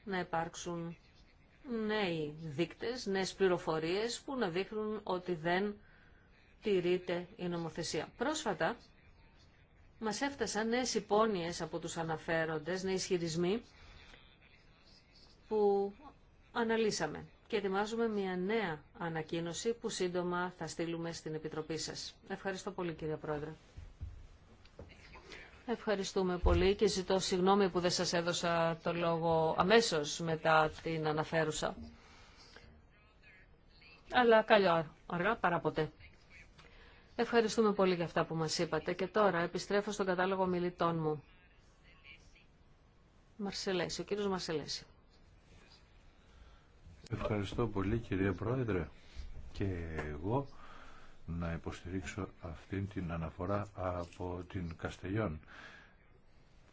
Speaker 1: να υπάρξουν νέοι δείκτες, νέες πληροφορίες που να δείχνουν ότι δεν τηρείται η νομοθεσία. Πρόσφατα μας έφτασαν νέες υπόνοιες από τους αναφέροντες, νέοι ισχυρισμοί που αναλύσαμε και ετοιμάζουμε μια νέα ανακοίνωση που σύντομα θα στείλουμε στην Επιτροπή σας. Ευχαριστώ πολύ κύριε Πρόεδρε. Ευχαριστούμε πολύ και ζητώ συγγνώμη που δεν σας έδωσα το λόγο αμέσως μετά την αναφέρουσα. Αλλά καλό αργά παρά ποτέ. Ευχαριστούμε πολύ για αυτά που μας είπατε. Και τώρα επιστρέφω στον κατάλογο μιλητών μου. Μαρσελέση, ο κύριος Μαρσελέση.
Speaker 2: Ευχαριστώ πολύ κυρία Πρόεδρε και εγώ να υποστηρίξω αυτήν την αναφορά από την Καστελιών.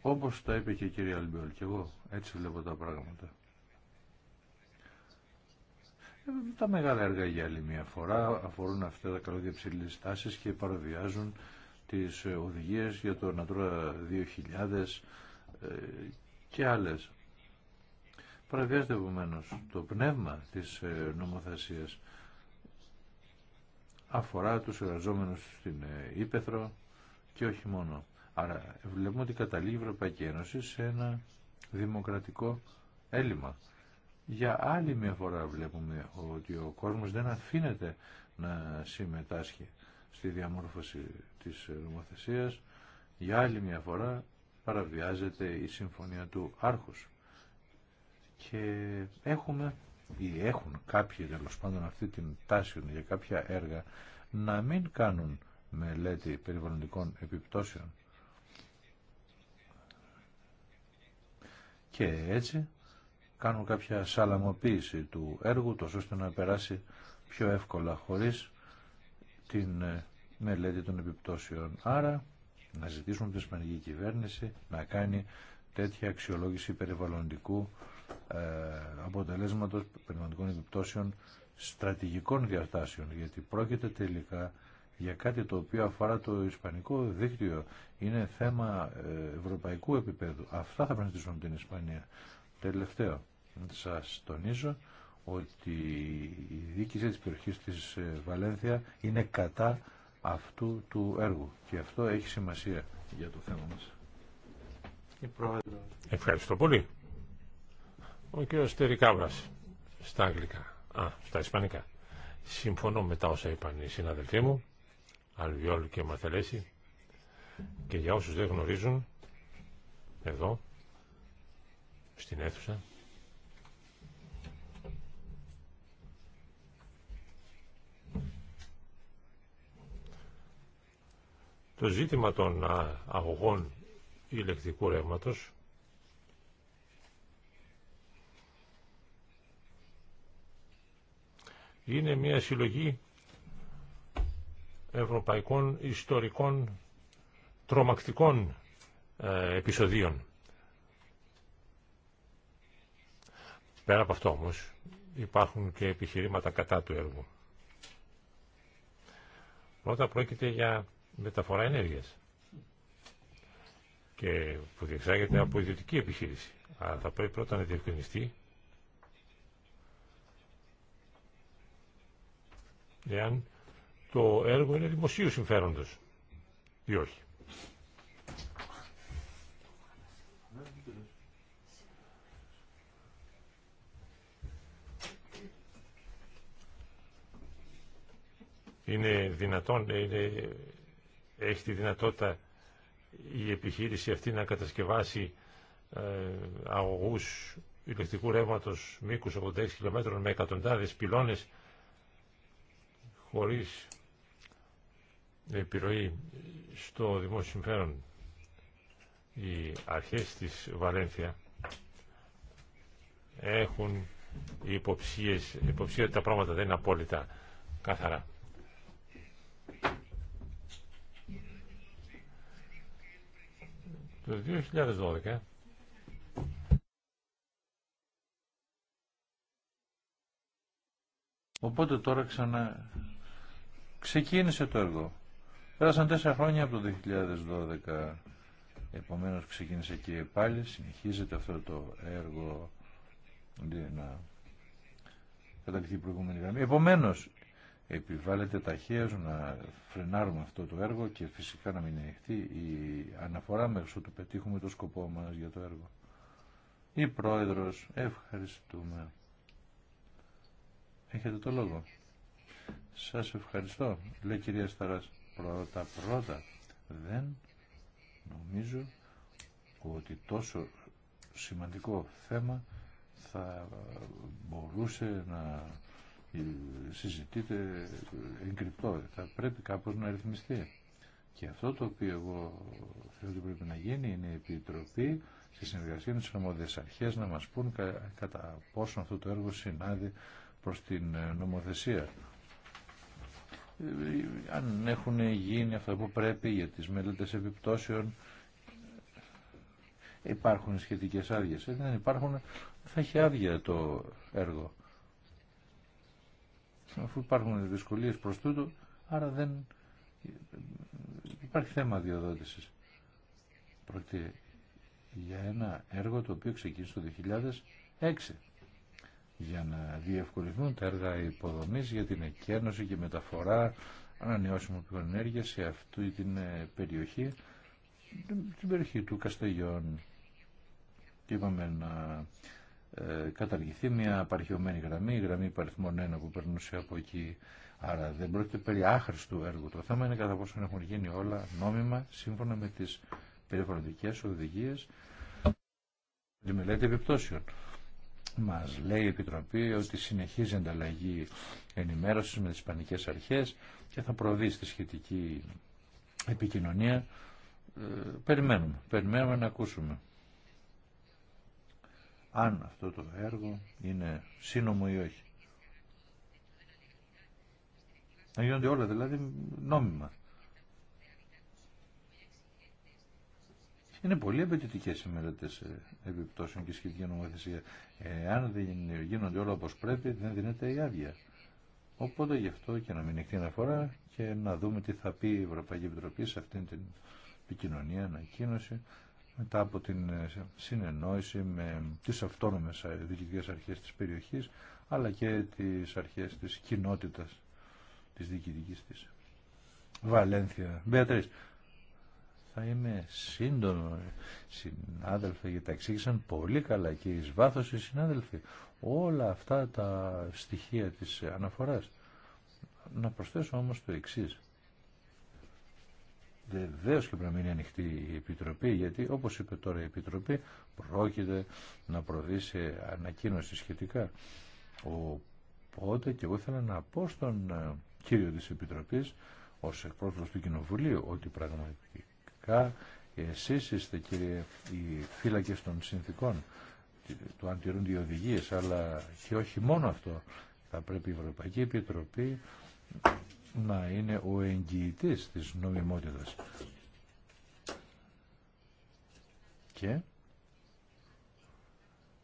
Speaker 2: Όπως τα είπε και η κυρία Αλμπιόλ και εγώ έτσι βλέπω τα πράγματα. Τα μεγάλα έργα για άλλη μια φορά αφορούν αυτά τα καλώδια ψηλή τάση και παραβιάζουν τι οδηγίε για το Natura 2000 ε, και άλλε. Παραβιάζεται επομένω το πνεύμα τη ε, νομοθεσία. Αφορά τους εργαζόμενους στην ε, Ήπεθρο και όχι μόνο. Άρα βλέπουμε ότι καταλήγει η Ευρωπαϊκή Ένωση σε ένα δημοκρατικό έλλειμμα. Για άλλη μια φορά βλέπουμε ότι ο κόσμος δεν αφήνεται να συμμετάσχει στη διαμόρφωση της νομοθεσία. Για άλλη μια φορά παραβιάζεται η συμφωνία του άρχους. Και έχουμε ή έχουν κάποιοι τέλο πάντων αυτή την τάση για κάποια έργα να μην κάνουν μελέτη περιβαλλοντικών επιπτώσεων. Και έτσι κάνουν κάποια σαλαμοποίηση του έργου, τόσο ώστε να περάσει πιο εύκολα χωρίς την ε, μελέτη των επιπτώσεων. Άρα, να ζητήσουμε από την Ισπανική κυβέρνηση να κάνει τέτοια αξιολόγηση περιβαλλοντικού ε, αποτελέσματος περιβαλλοντικών επιπτώσεων στρατηγικών διαστάσεων, γιατί πρόκειται τελικά για κάτι το οποίο αφορά το ισπανικό δίκτυο. Είναι θέμα ε, ευρωπαϊκού επίπεδου. Αυτά θα πρέπει να την Ισπανία. Τελευταίο σας τονίζω ότι η διοίκηση της περιοχής της ε, Βαλένθια είναι κατά αυτού του έργου και αυτό έχει σημασία για το θέμα μας.
Speaker 4: Ευχαριστώ πολύ. Ο κ. Στερικάβρας στα αγγλικά, στα ισπανικά. Συμφωνώ με τα όσα είπαν οι συναδελφοί μου, Αλβιόλ και Μαθελέση και για όσους δεν γνωρίζουν εδώ στην αίθουσα Το ζήτημα των αγωγών ηλεκτρικού ρεύματος είναι μια συλλογή ευρωπαϊκών ιστορικών τρομακτικών ε, επεισοδίων. Πέρα από αυτό όμως υπάρχουν και επιχειρήματα κατά του έργου. Πρώτα πρόκειται για μεταφορά ενέργειας και που διεξάγεται από ιδιωτική επιχείρηση. Αλλά θα πρέπει πρώτα να διευκρινιστεί εάν το έργο είναι δημοσίου συμφέροντος ή όχι. Είναι δυνατόν, είναι έχει τη δυνατότητα η επιχείρηση αυτή να κατασκευάσει ε, αγωγούς ηλεκτρικού ρεύματος μήκους 86 χιλιόμετρων με εκατοντάδες πυλώνες χωρίς επιρροή στο δημόσιο συμφέρον. Οι αρχές της Βαλένθια έχουν υποψίες, υποψίες ότι τα πράγματα δεν είναι απόλυτα καθαρά. Το 2012
Speaker 2: Οπότε τώρα ξανά ξεκίνησε το έργο. Πέρασαν τέσσερα χρόνια από το 2012. Επομένως ξεκίνησε και πάλι, συνεχίζεται αυτό το έργο να καταληθεί η προηγούμενη γραμμή. Επομένως, επιβάλλεται ταχαίως να φρενάρουμε αυτό το έργο και φυσικά να μην ανοιχτεί η αναφορά μέχρι του πετύχουμε το σκοπό μας για το έργο. Η Πρόεδρος, ευχαριστούμε. Έχετε το λόγο. Σας ευχαριστώ, λέει κυρία Σταράς. Πρώτα πρώτα δεν νομίζω ότι τόσο σημαντικό θέμα θα μπορούσε να ε, συζητείται ε, εγκρυπτό. Θα πρέπει κάπως να ρυθμιστεί. Και αυτό το οποίο εγώ θέλω ότι πρέπει να γίνει είναι η Επιτροπή στη συνεργασία με τις αρμόδιες να μας πούν κατά πόσο αυτό το έργο συνάδει προς την ε, νομοθεσία. Αν έχουν γίνει αυτό που πρέπει για τις μελέτες επιπτώσεων, υπάρχουν σχετικές άδειες. Ε, δεν υπάρχουν, θα έχει άδεια το έργο αφού υπάρχουν δυσκολίες προς τούτο, άρα δεν υπάρχει θέμα διοδότησης. Πρόκειται για ένα έργο το οποίο ξεκίνησε το 2006 για να διευκολυνθούν τα έργα υποδομής για την εκένωση και μεταφορά ανανεώσιμων πηγών ενέργεια σε αυτή την ε, περιοχή, την περιοχή του Καστελιών. να ε, καταργηθεί μια απαρχαιωμένη γραμμή, η γραμμή υπαριθμών 1 που περνούσε από εκεί. Άρα δεν πρόκειται περί άχρηστου έργου. Το θέμα είναι κατά πόσο έχουν γίνει όλα νόμιμα σύμφωνα με τις οδηγίε οδηγίες τη μελέτη επιπτώσεων. Μα λέει η Επιτροπή ότι συνεχίζει ανταλλαγή ενημέρωση με τι πανικές αρχέ και θα προβεί στη σχετική επικοινωνία. Ε, περιμένουμε, περιμένουμε να ακούσουμε αν αυτό το έργο είναι σύνομο ή όχι. Να γίνονται όλα δηλαδή νόμιμα. Είναι πολύ απαιτητικέ οι μελέτε ε, επιπτώσεων και σχετική νομοθεσία. Εάν δεν γίνονται όλα όπω πρέπει, δεν δίνεται η άδεια. σχετικη νομοθεσια αν γινονται ολα οπω πρεπει δεν δινεται η αδεια οποτε γι' αυτό και να μην εκτείνει αναφορά και να δούμε τι θα πει η Ευρωπαϊκή Επιτροπή σε αυτήν την επικοινωνία, ανακοίνωση μετά από την ε, συνεννόηση με τις αυτόνομες ε, διοικητικές αρχές της περιοχής αλλά και τις αρχές της κοινότητας της διοικητικής της Βαλένθια. Μπέατρης, θα είμαι σύντομο συνάδελφε γιατί τα εξήγησαν πολύ καλά και εις βάθος οι συνάδελφοι όλα αυτά τα στοιχεία της αναφοράς. Να προσθέσω όμως το εξής. Βεβαίω και πρέπει να μείνει ανοιχτή η Επιτροπή, γιατί όπω είπε τώρα η Επιτροπή, πρόκειται να προβεί σε ανακοίνωση σχετικά. Οπότε και εγώ ήθελα να πω στον ε, κύριο τη Επιτροπή, ω εκπρόσωπο του Κοινοβουλίου, ότι πραγματικά εσεί είστε κύριε οι φύλακε των συνθήκων του αν τηρούνται οι οδηγίε, αλλά και όχι μόνο αυτό. Θα πρέπει η Ευρωπαϊκή Επιτροπή να είναι ο εγγυητής της νομιμότητας. Και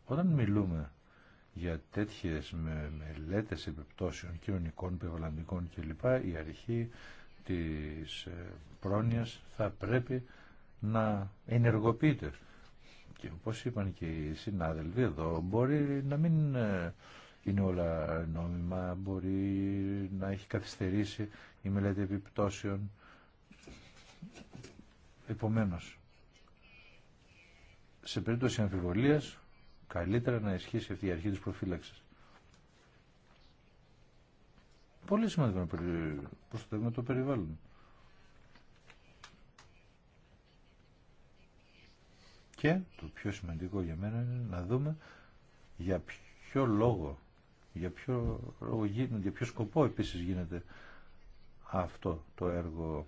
Speaker 2: όταν μιλούμε για τέτοιες με, μελέτες επιπτώσεων κοινωνικών, περιβαλλοντικών κλπ. η αρχή της ε, πρόνοιας θα πρέπει να ενεργοποιείται. Και όπως είπαν και οι συνάδελφοι εδώ, μπορεί να μην ε, είναι όλα νόμιμα, μπορεί να έχει καθυστερήσει η μελέτη επιπτώσεων. Επομένως, σε περίπτωση αμφιβολίας, καλύτερα να ισχύσει αυτή η αρχή της προφύλαξης. Πολύ σημαντικό να προστατεύουμε το περιβάλλον. Και το πιο σημαντικό για μένα είναι να δούμε για ποιο λόγο για ποιο, για ποιο σκοπό επίσης γίνεται αυτό το έργο.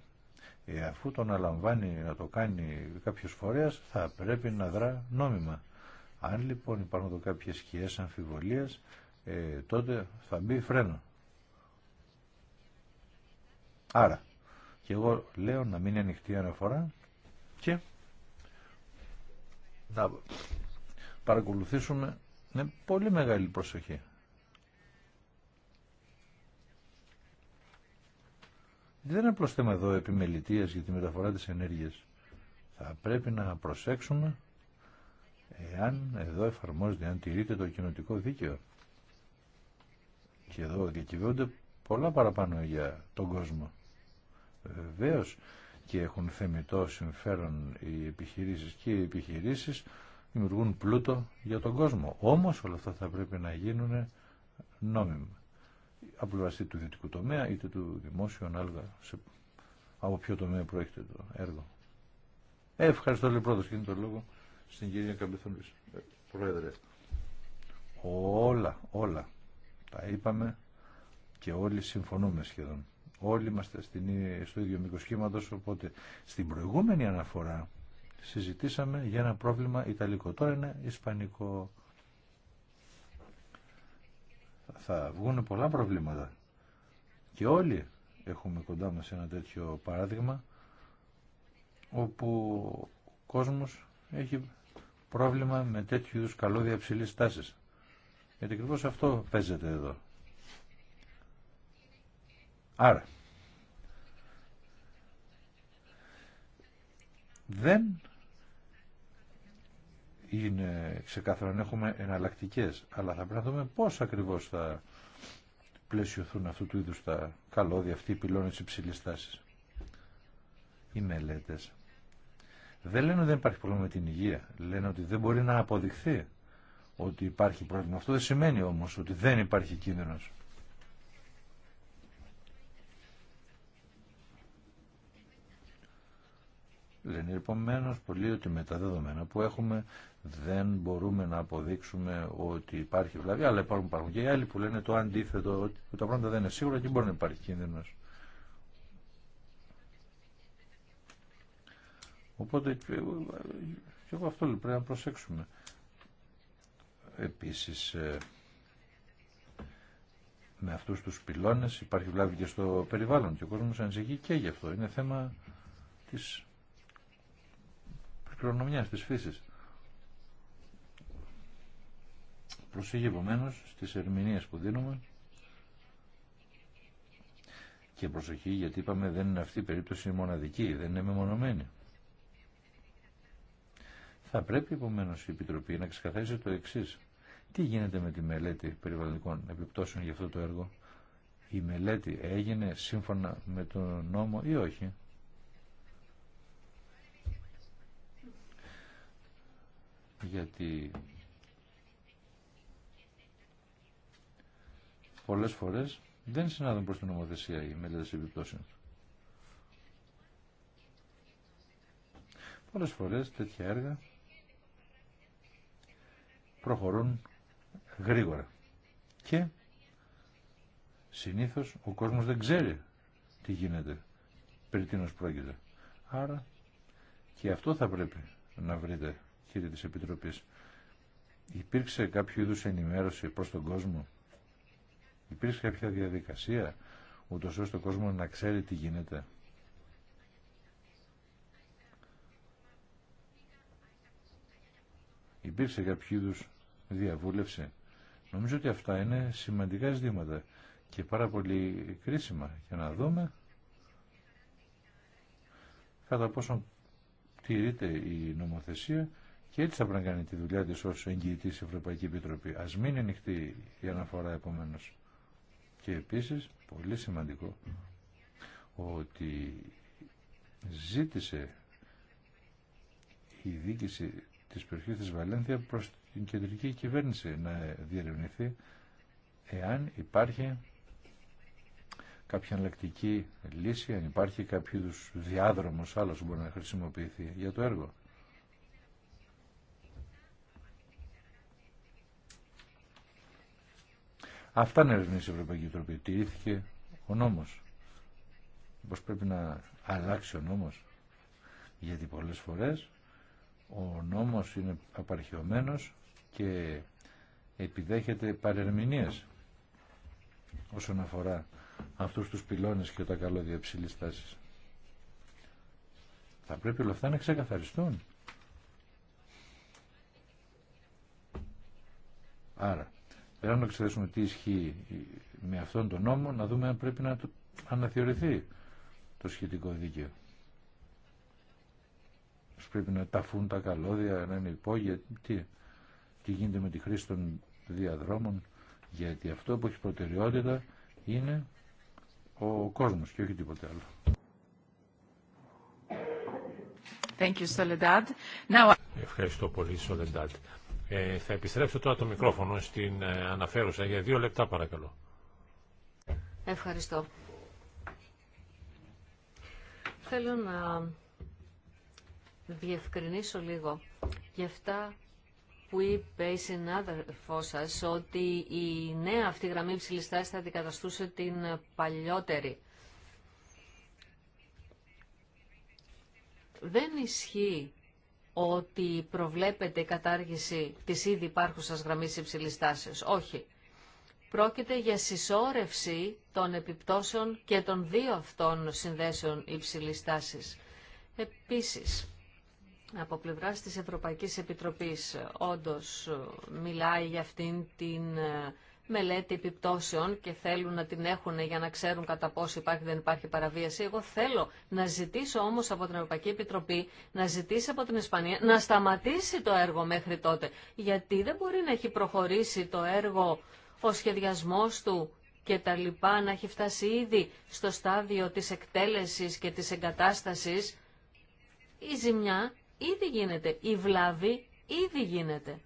Speaker 2: Ε, αφού το αναλαμβάνει να το κάνει κάποιος φορέας θα πρέπει να δρά νόμιμα. Αν λοιπόν υπάρχουν εδώ κάποιες σκιές αμφιβολίες ε, τότε θα μπει φρένο. Άρα και εγώ λέω να μην είναι ανοιχτή αναφορά και να παρακολουθήσουμε με πολύ μεγάλη προσοχή. Δεν είναι απλώ θέμα εδώ επιμελητίας για τη μεταφορά της ενέργειας. Θα πρέπει να προσέξουμε εάν εδώ εφαρμόζεται, αν τηρείται το κοινοτικό δίκαιο. Και εδώ διακυβεύονται πολλά παραπάνω για τον κόσμο. Βεβαίω και έχουν θεμητό συμφέρον οι επιχειρήσεις και οι επιχειρήσεις δημιουργούν πλούτο για τον κόσμο. Όμως όλα αυτά θα πρέπει να γίνουν νόμιμα από του ιδιωτικού τομέα είτε του δημόσιου ανάλογα σε, από ποιο τομέα προέρχεται το έργο. Ε, ευχαριστώ λέει πρώτος και το λόγο στην κυρία Καμπεθονής. Ε, πρόεδρε, όλα, όλα τα είπαμε και όλοι συμφωνούμε σχεδόν. Όλοι είμαστε στην, στο ίδιο μήκο οπότε στην προηγούμενη αναφορά συζητήσαμε για ένα πρόβλημα ιταλικό. Τώρα είναι ισπανικό. θα βγουν πολλά προβλήματα. Και όλοι έχουμε κοντά μας ένα τέτοιο παράδειγμα όπου ο κόσμος έχει πρόβλημα με τέτοιου καλώδια υψηλής τάσης. Γιατί ακριβώ αυτό παίζεται εδώ. Άρα, δεν είναι ξεκάθαρο να έχουμε εναλλακτικέ, αλλά θα πρέπει να δούμε πώ ακριβώ θα πλαισιωθούν αυτού του είδου τα καλώδια, αυτοί οι πυλώνε υψηλή τάση. Οι μελέτε δεν λένε ότι δεν υπάρχει πρόβλημα με την υγεία. Λένε ότι δεν μπορεί να αποδειχθεί ότι υπάρχει πρόβλημα. Αυτό δεν σημαίνει όμω ότι δεν υπάρχει κίνδυνος. Λένε επομένω πολύ ότι με τα δεδομένα που έχουμε δεν μπορούμε να αποδείξουμε ότι υπάρχει βλαβή, αλλά υπάρχουν, υπάρχουν και οι άλλοι που λένε το αντίθετο, ότι τα πράγματα δεν είναι σίγουρα και μπορεί να υπάρχει κίνδυνο. Οπότε και εγώ αυτό λοιπόν πρέπει να προσέξουμε. Επίσης, ε, με αυτούς τους πυλώνες υπάρχει βλάβη και στο περιβάλλον και ο κόσμος ανησυχεί και γι' αυτό. Είναι θέμα της κληρονομιάς της φύσης. Προσήγει επομένω στις ερμηνείες που δίνουμε και προσοχή γιατί είπαμε δεν είναι αυτή η περίπτωση μοναδική, δεν είναι μεμονωμένη. Θα πρέπει επομένω η Επιτροπή να ξεκαθαρίσει το εξή. Τι γίνεται με τη μελέτη περιβαλλοντικών επιπτώσεων για αυτό το έργο. Η μελέτη έγινε σύμφωνα με τον νόμο ή όχι. γιατί πολλές φορές δεν συνάδουν προς την νομοθεσία οι μελέτες επιπτώσεων. Πολλές φορές τέτοια έργα προχωρούν γρήγορα και συνήθως ο κόσμος δεν ξέρει τι γίνεται, περί τίνος πρόκειται. Άρα και αυτό θα πρέπει να βρείτε κύριε της Επιτροπής. Υπήρξε κάποιο είδου ενημέρωση προς τον κόσμο. Υπήρξε κάποια διαδικασία ούτως ώστε ο κόσμο να ξέρει τι γίνεται. Υπήρξε κάποιο είδου διαβούλευση. Νομίζω ότι αυτά είναι σημαντικά ζητήματα και πάρα πολύ κρίσιμα για να δούμε κατά πόσο τηρείται η νομοθεσία και έτσι θα πρέπει να κάνει τη δουλειά της ως εγγυητής Ευρωπαϊκή Επιτροπή. Ας μην είναι η αναφορά επομένως. Και επίσης, πολύ σημαντικό, ότι ζήτησε η δίκηση της περιοχή τη Βαλένθια προς την κεντρική κυβέρνηση να διερευνηθεί εάν υπάρχει κάποια εναλλακτική λύση, αν υπάρχει κάποιο διάδρομος άλλο που μπορεί να χρησιμοποιηθεί για το έργο. Αυτά να ερευνήσει η Ευρωπαϊκή Επιτροπή. Τηρήθηκε ο νόμος. Πώς πρέπει να αλλάξει ο νόμος. Γιατί πολλές φορές ο νόμος είναι απαρχαιωμένος και επιδέχεται παρερμηνίες όσον αφορά αυτούς τους πυλώνες και τα καλώδια ψηλής τάσης. Θα πρέπει όλα αυτά να ξεκαθαριστούν. Άρα, Εάν να εξετάσουμε τι ισχύει με αυτόν τον νόμο, να δούμε αν πρέπει να το αναθεωρηθεί το σχετικό δίκαιο. Πρέπει να ταφούν τα καλώδια, να είναι υπόγεια, τι, τι γίνεται με τη χρήση των διαδρόμων, γιατί αυτό που έχει προτεραιότητα είναι
Speaker 4: ο κόσμος και όχι τίποτε άλλο. Ευχαριστώ πολύ, Soledad. Ε, θα επιστρέψω τώρα το μικρόφωνο στην ε, αναφέρουσα για δύο λεπτά παρακαλώ.
Speaker 1: Ευχαριστώ. Θέλω να διευκρινίσω λίγο για αυτά που είπε η συνάδελφό σα ότι η νέα αυτή γραμμή υψηλής θα αντικαταστούσε την παλιότερη. Δεν ισχύει ότι προβλέπεται η κατάργηση της ήδη υπάρχουσας γραμμής υψηλής τάσης. Όχι. Πρόκειται για συσσόρευση των επιπτώσεων και των δύο αυτών συνδέσεων υψηλής τάσης. Επίσης, από πλευράς της Ευρωπαϊκής Επιτροπής, όντως ε, μιλάει για αυτήν την ε, μελέτη επιπτώσεων και θέλουν να την έχουν για να ξέρουν κατά πόσο υπάρχει δεν υπάρχει παραβίαση. Εγώ θέλω να ζητήσω όμως από την Ευρωπαϊκή Επιτροπή, να ζητήσει από την Ισπανία να σταματήσει το έργο μέχρι τότε. Γιατί δεν μπορεί να έχει προχωρήσει το έργο ο σχεδιασμός του και τα λοιπά να έχει φτάσει ήδη στο στάδιο της εκτέλεσης και της εγκατάστασης. Η ζημιά ήδη γίνεται, η βλάβη ήδη γίνεται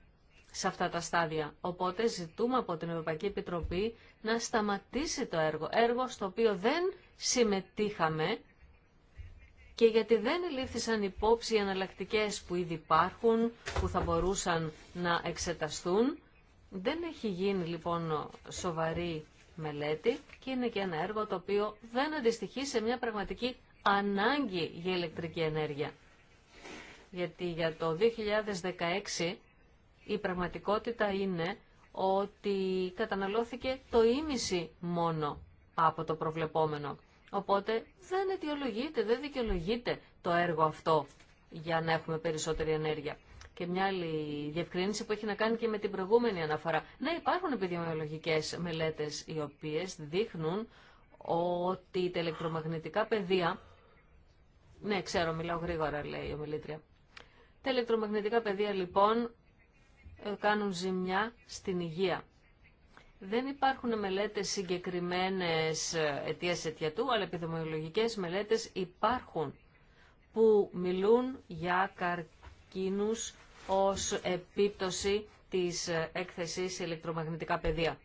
Speaker 1: σε αυτά τα στάδια. Οπότε ζητούμε από την Ευρωπαϊκή Επιτροπή να σταματήσει το έργο. Έργο στο οποίο δεν συμμετείχαμε και γιατί δεν λήφθησαν υπόψη οι εναλλακτικέ που ήδη υπάρχουν, που θα μπορούσαν να εξεταστούν. Δεν έχει γίνει λοιπόν σοβαρή μελέτη και είναι και ένα έργο το οποίο δεν αντιστοιχεί σε μια πραγματική ανάγκη για ηλεκτρική ενέργεια. Γιατί για το 2016 η πραγματικότητα είναι ότι καταναλώθηκε το ίμιση μόνο από το προβλεπόμενο. Οπότε δεν αιτιολογείται, δεν δικαιολογείται το έργο αυτό για να έχουμε περισσότερη ενέργεια. Και μια άλλη διευκρίνηση που έχει να κάνει και με την προηγούμενη αναφορά. Ναι, υπάρχουν επιδημιολογικές μελέτες οι οποίες δείχνουν ότι τα ηλεκτρομαγνητικά πεδία... Ναι, ξέρω, μιλάω γρήγορα, λέει η ομιλήτρια. Τα ηλεκτρομαγνητικά πεδία, λοιπόν, ε, κάνουν ζημιά στην υγεία. Δεν υπάρχουν μελέτες συγκεκριμένες ε, αιτίας αιτιατού, αλλά επιδημιολογικές μελέτες υπάρχουν που μιλούν για καρκίνους ως επίπτωση της ε, έκθεσης σε ηλεκτρομαγνητικά πεδία.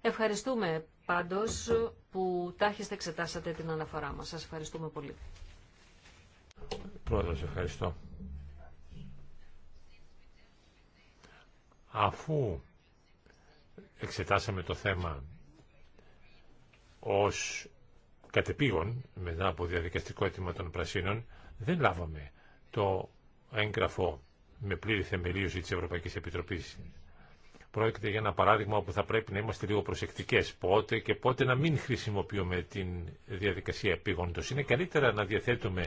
Speaker 1: Ευχαριστούμε πάντως που τάχιστα εξετάσατε την αναφορά μας. Σας ευχαριστούμε πολύ.
Speaker 4: Πρόεδρος, ευχαριστώ. Αφού εξετάσαμε το θέμα ως κατεπήγον μετά από διαδικαστικό αίτημα των Πρασίνων, δεν λάβαμε το έγγραφο με πλήρη θεμελίωση της Ευρωπαϊκής Επιτροπής. Πρόκειται για ένα παράδειγμα όπου θα πρέπει να είμαστε λίγο προσεκτικές πότε και πότε να μην χρησιμοποιούμε την διαδικασία επίγοντος. Είναι καλύτερα να διαθέτουμε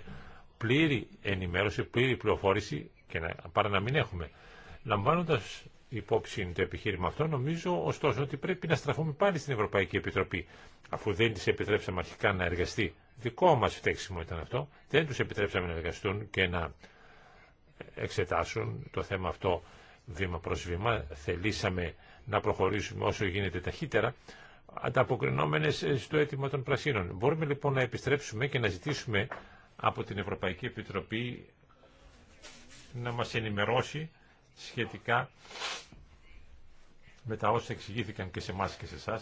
Speaker 4: πλήρη ενημέρωση, πλήρη πληροφόρηση και να, παρά να μην έχουμε. Λαμβάνοντας υπόψη το επιχείρημα αυτό. Νομίζω ωστόσο ότι πρέπει να στραφούμε πάλι στην Ευρωπαϊκή Επιτροπή, αφού δεν τη επιτρέψαμε αρχικά να εργαστεί. Δικό μα φταίξιμο ήταν αυτό. Δεν του επιτρέψαμε να εργαστούν και να εξετάσουν το θέμα αυτό βήμα προ βήμα. Θελήσαμε να προχωρήσουμε όσο γίνεται ταχύτερα, ανταποκρινόμενε στο αίτημα των πρασίνων. Μπορούμε λοιπόν να επιστρέψουμε και να ζητήσουμε από την Ευρωπαϊκή Επιτροπή να μας ενημερώσει σχετικά με τα όσα εξηγήθηκαν και σε εμά και σε εσά.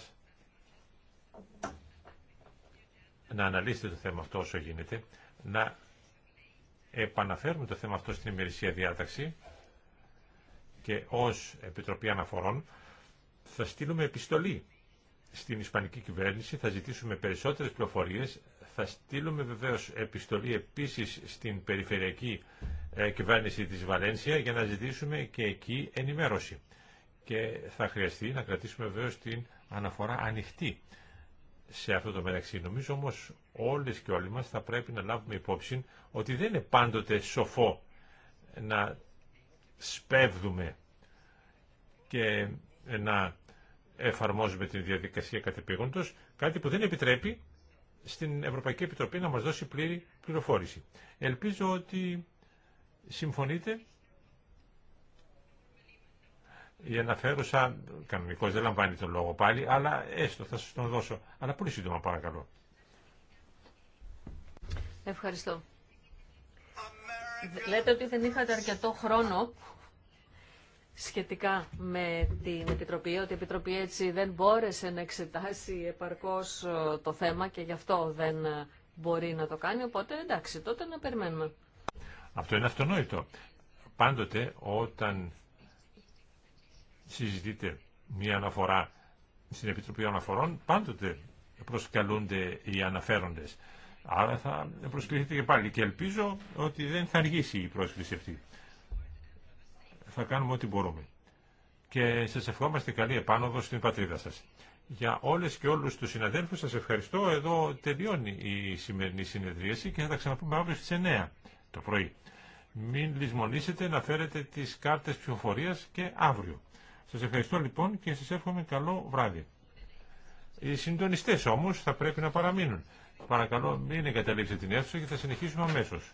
Speaker 4: Να αναλύσετε το θέμα αυτό όσο γίνεται, να επαναφέρουμε το θέμα αυτό στην ημερησία διάταξη και ως Επιτροπή Αναφορών θα στείλουμε επιστολή στην Ισπανική κυβέρνηση, θα ζητήσουμε περισσότερες πληροφορίες, θα στείλουμε βεβαίως επιστολή επίσης στην Περιφερειακή ε, κυβέρνηση της Βαλένσια για να ζητήσουμε και εκεί ενημέρωση. Και θα χρειαστεί να κρατήσουμε βέβαια την αναφορά ανοιχτή σε αυτό το μεταξύ. Νομίζω όμως όλες και όλοι μας θα πρέπει να λάβουμε υπόψη ότι δεν είναι πάντοτε σοφό να σπέβδουμε και να εφαρμόζουμε την διαδικασία κατεπήγοντος, κάτι που δεν επιτρέπει στην Ευρωπαϊκή Επιτροπή να μας δώσει πλήρη πληροφόρηση. Ελπίζω ότι Συμφωνείτε. Η αναφέρουσα, κανονικό δεν λαμβάνει τον λόγο πάλι, αλλά έστω θα σα τον δώσω. Αλλά πολύ σύντομα παρακαλώ.
Speaker 1: Ευχαριστώ. Λέτε ότι δεν είχατε αρκετό χρόνο σχετικά με την Επιτροπή, ότι η Επιτροπή έτσι δεν μπόρεσε να εξετάσει επαρκώς ε, το θέμα και γι' αυτό δεν ε, μπορεί να το κάνει, οπότε εντάξει, τότε να περιμένουμε.
Speaker 4: Αυτό είναι αυτονόητο. Πάντοτε όταν συζητείτε μια αναφορά στην Επιτροπή Αναφορών, πάντοτε προσκαλούνται οι αναφέροντες. Άρα θα προσκληθείτε και πάλι και ελπίζω ότι δεν θα αργήσει η πρόσκληση αυτή. Θα κάνουμε ό,τι μπορούμε. Και σας ευχόμαστε καλή επάνωδο στην πατρίδα σας. Για όλες και όλους τους συναδέλφους σας ευχαριστώ. Εδώ τελειώνει η σημερινή συνεδρίαση και θα τα ξαναπούμε αύριο στις 9 το πρωί. Μην λησμονήσετε να φέρετε τις κάρτες ψηφοφορίας και αύριο. Σας ευχαριστώ λοιπόν και σας εύχομαι καλό βράδυ. Οι συντονιστές όμως θα πρέπει να παραμείνουν. Παρακαλώ μην εγκαταλείψετε την αίθουσα και θα συνεχίσουμε αμέσως.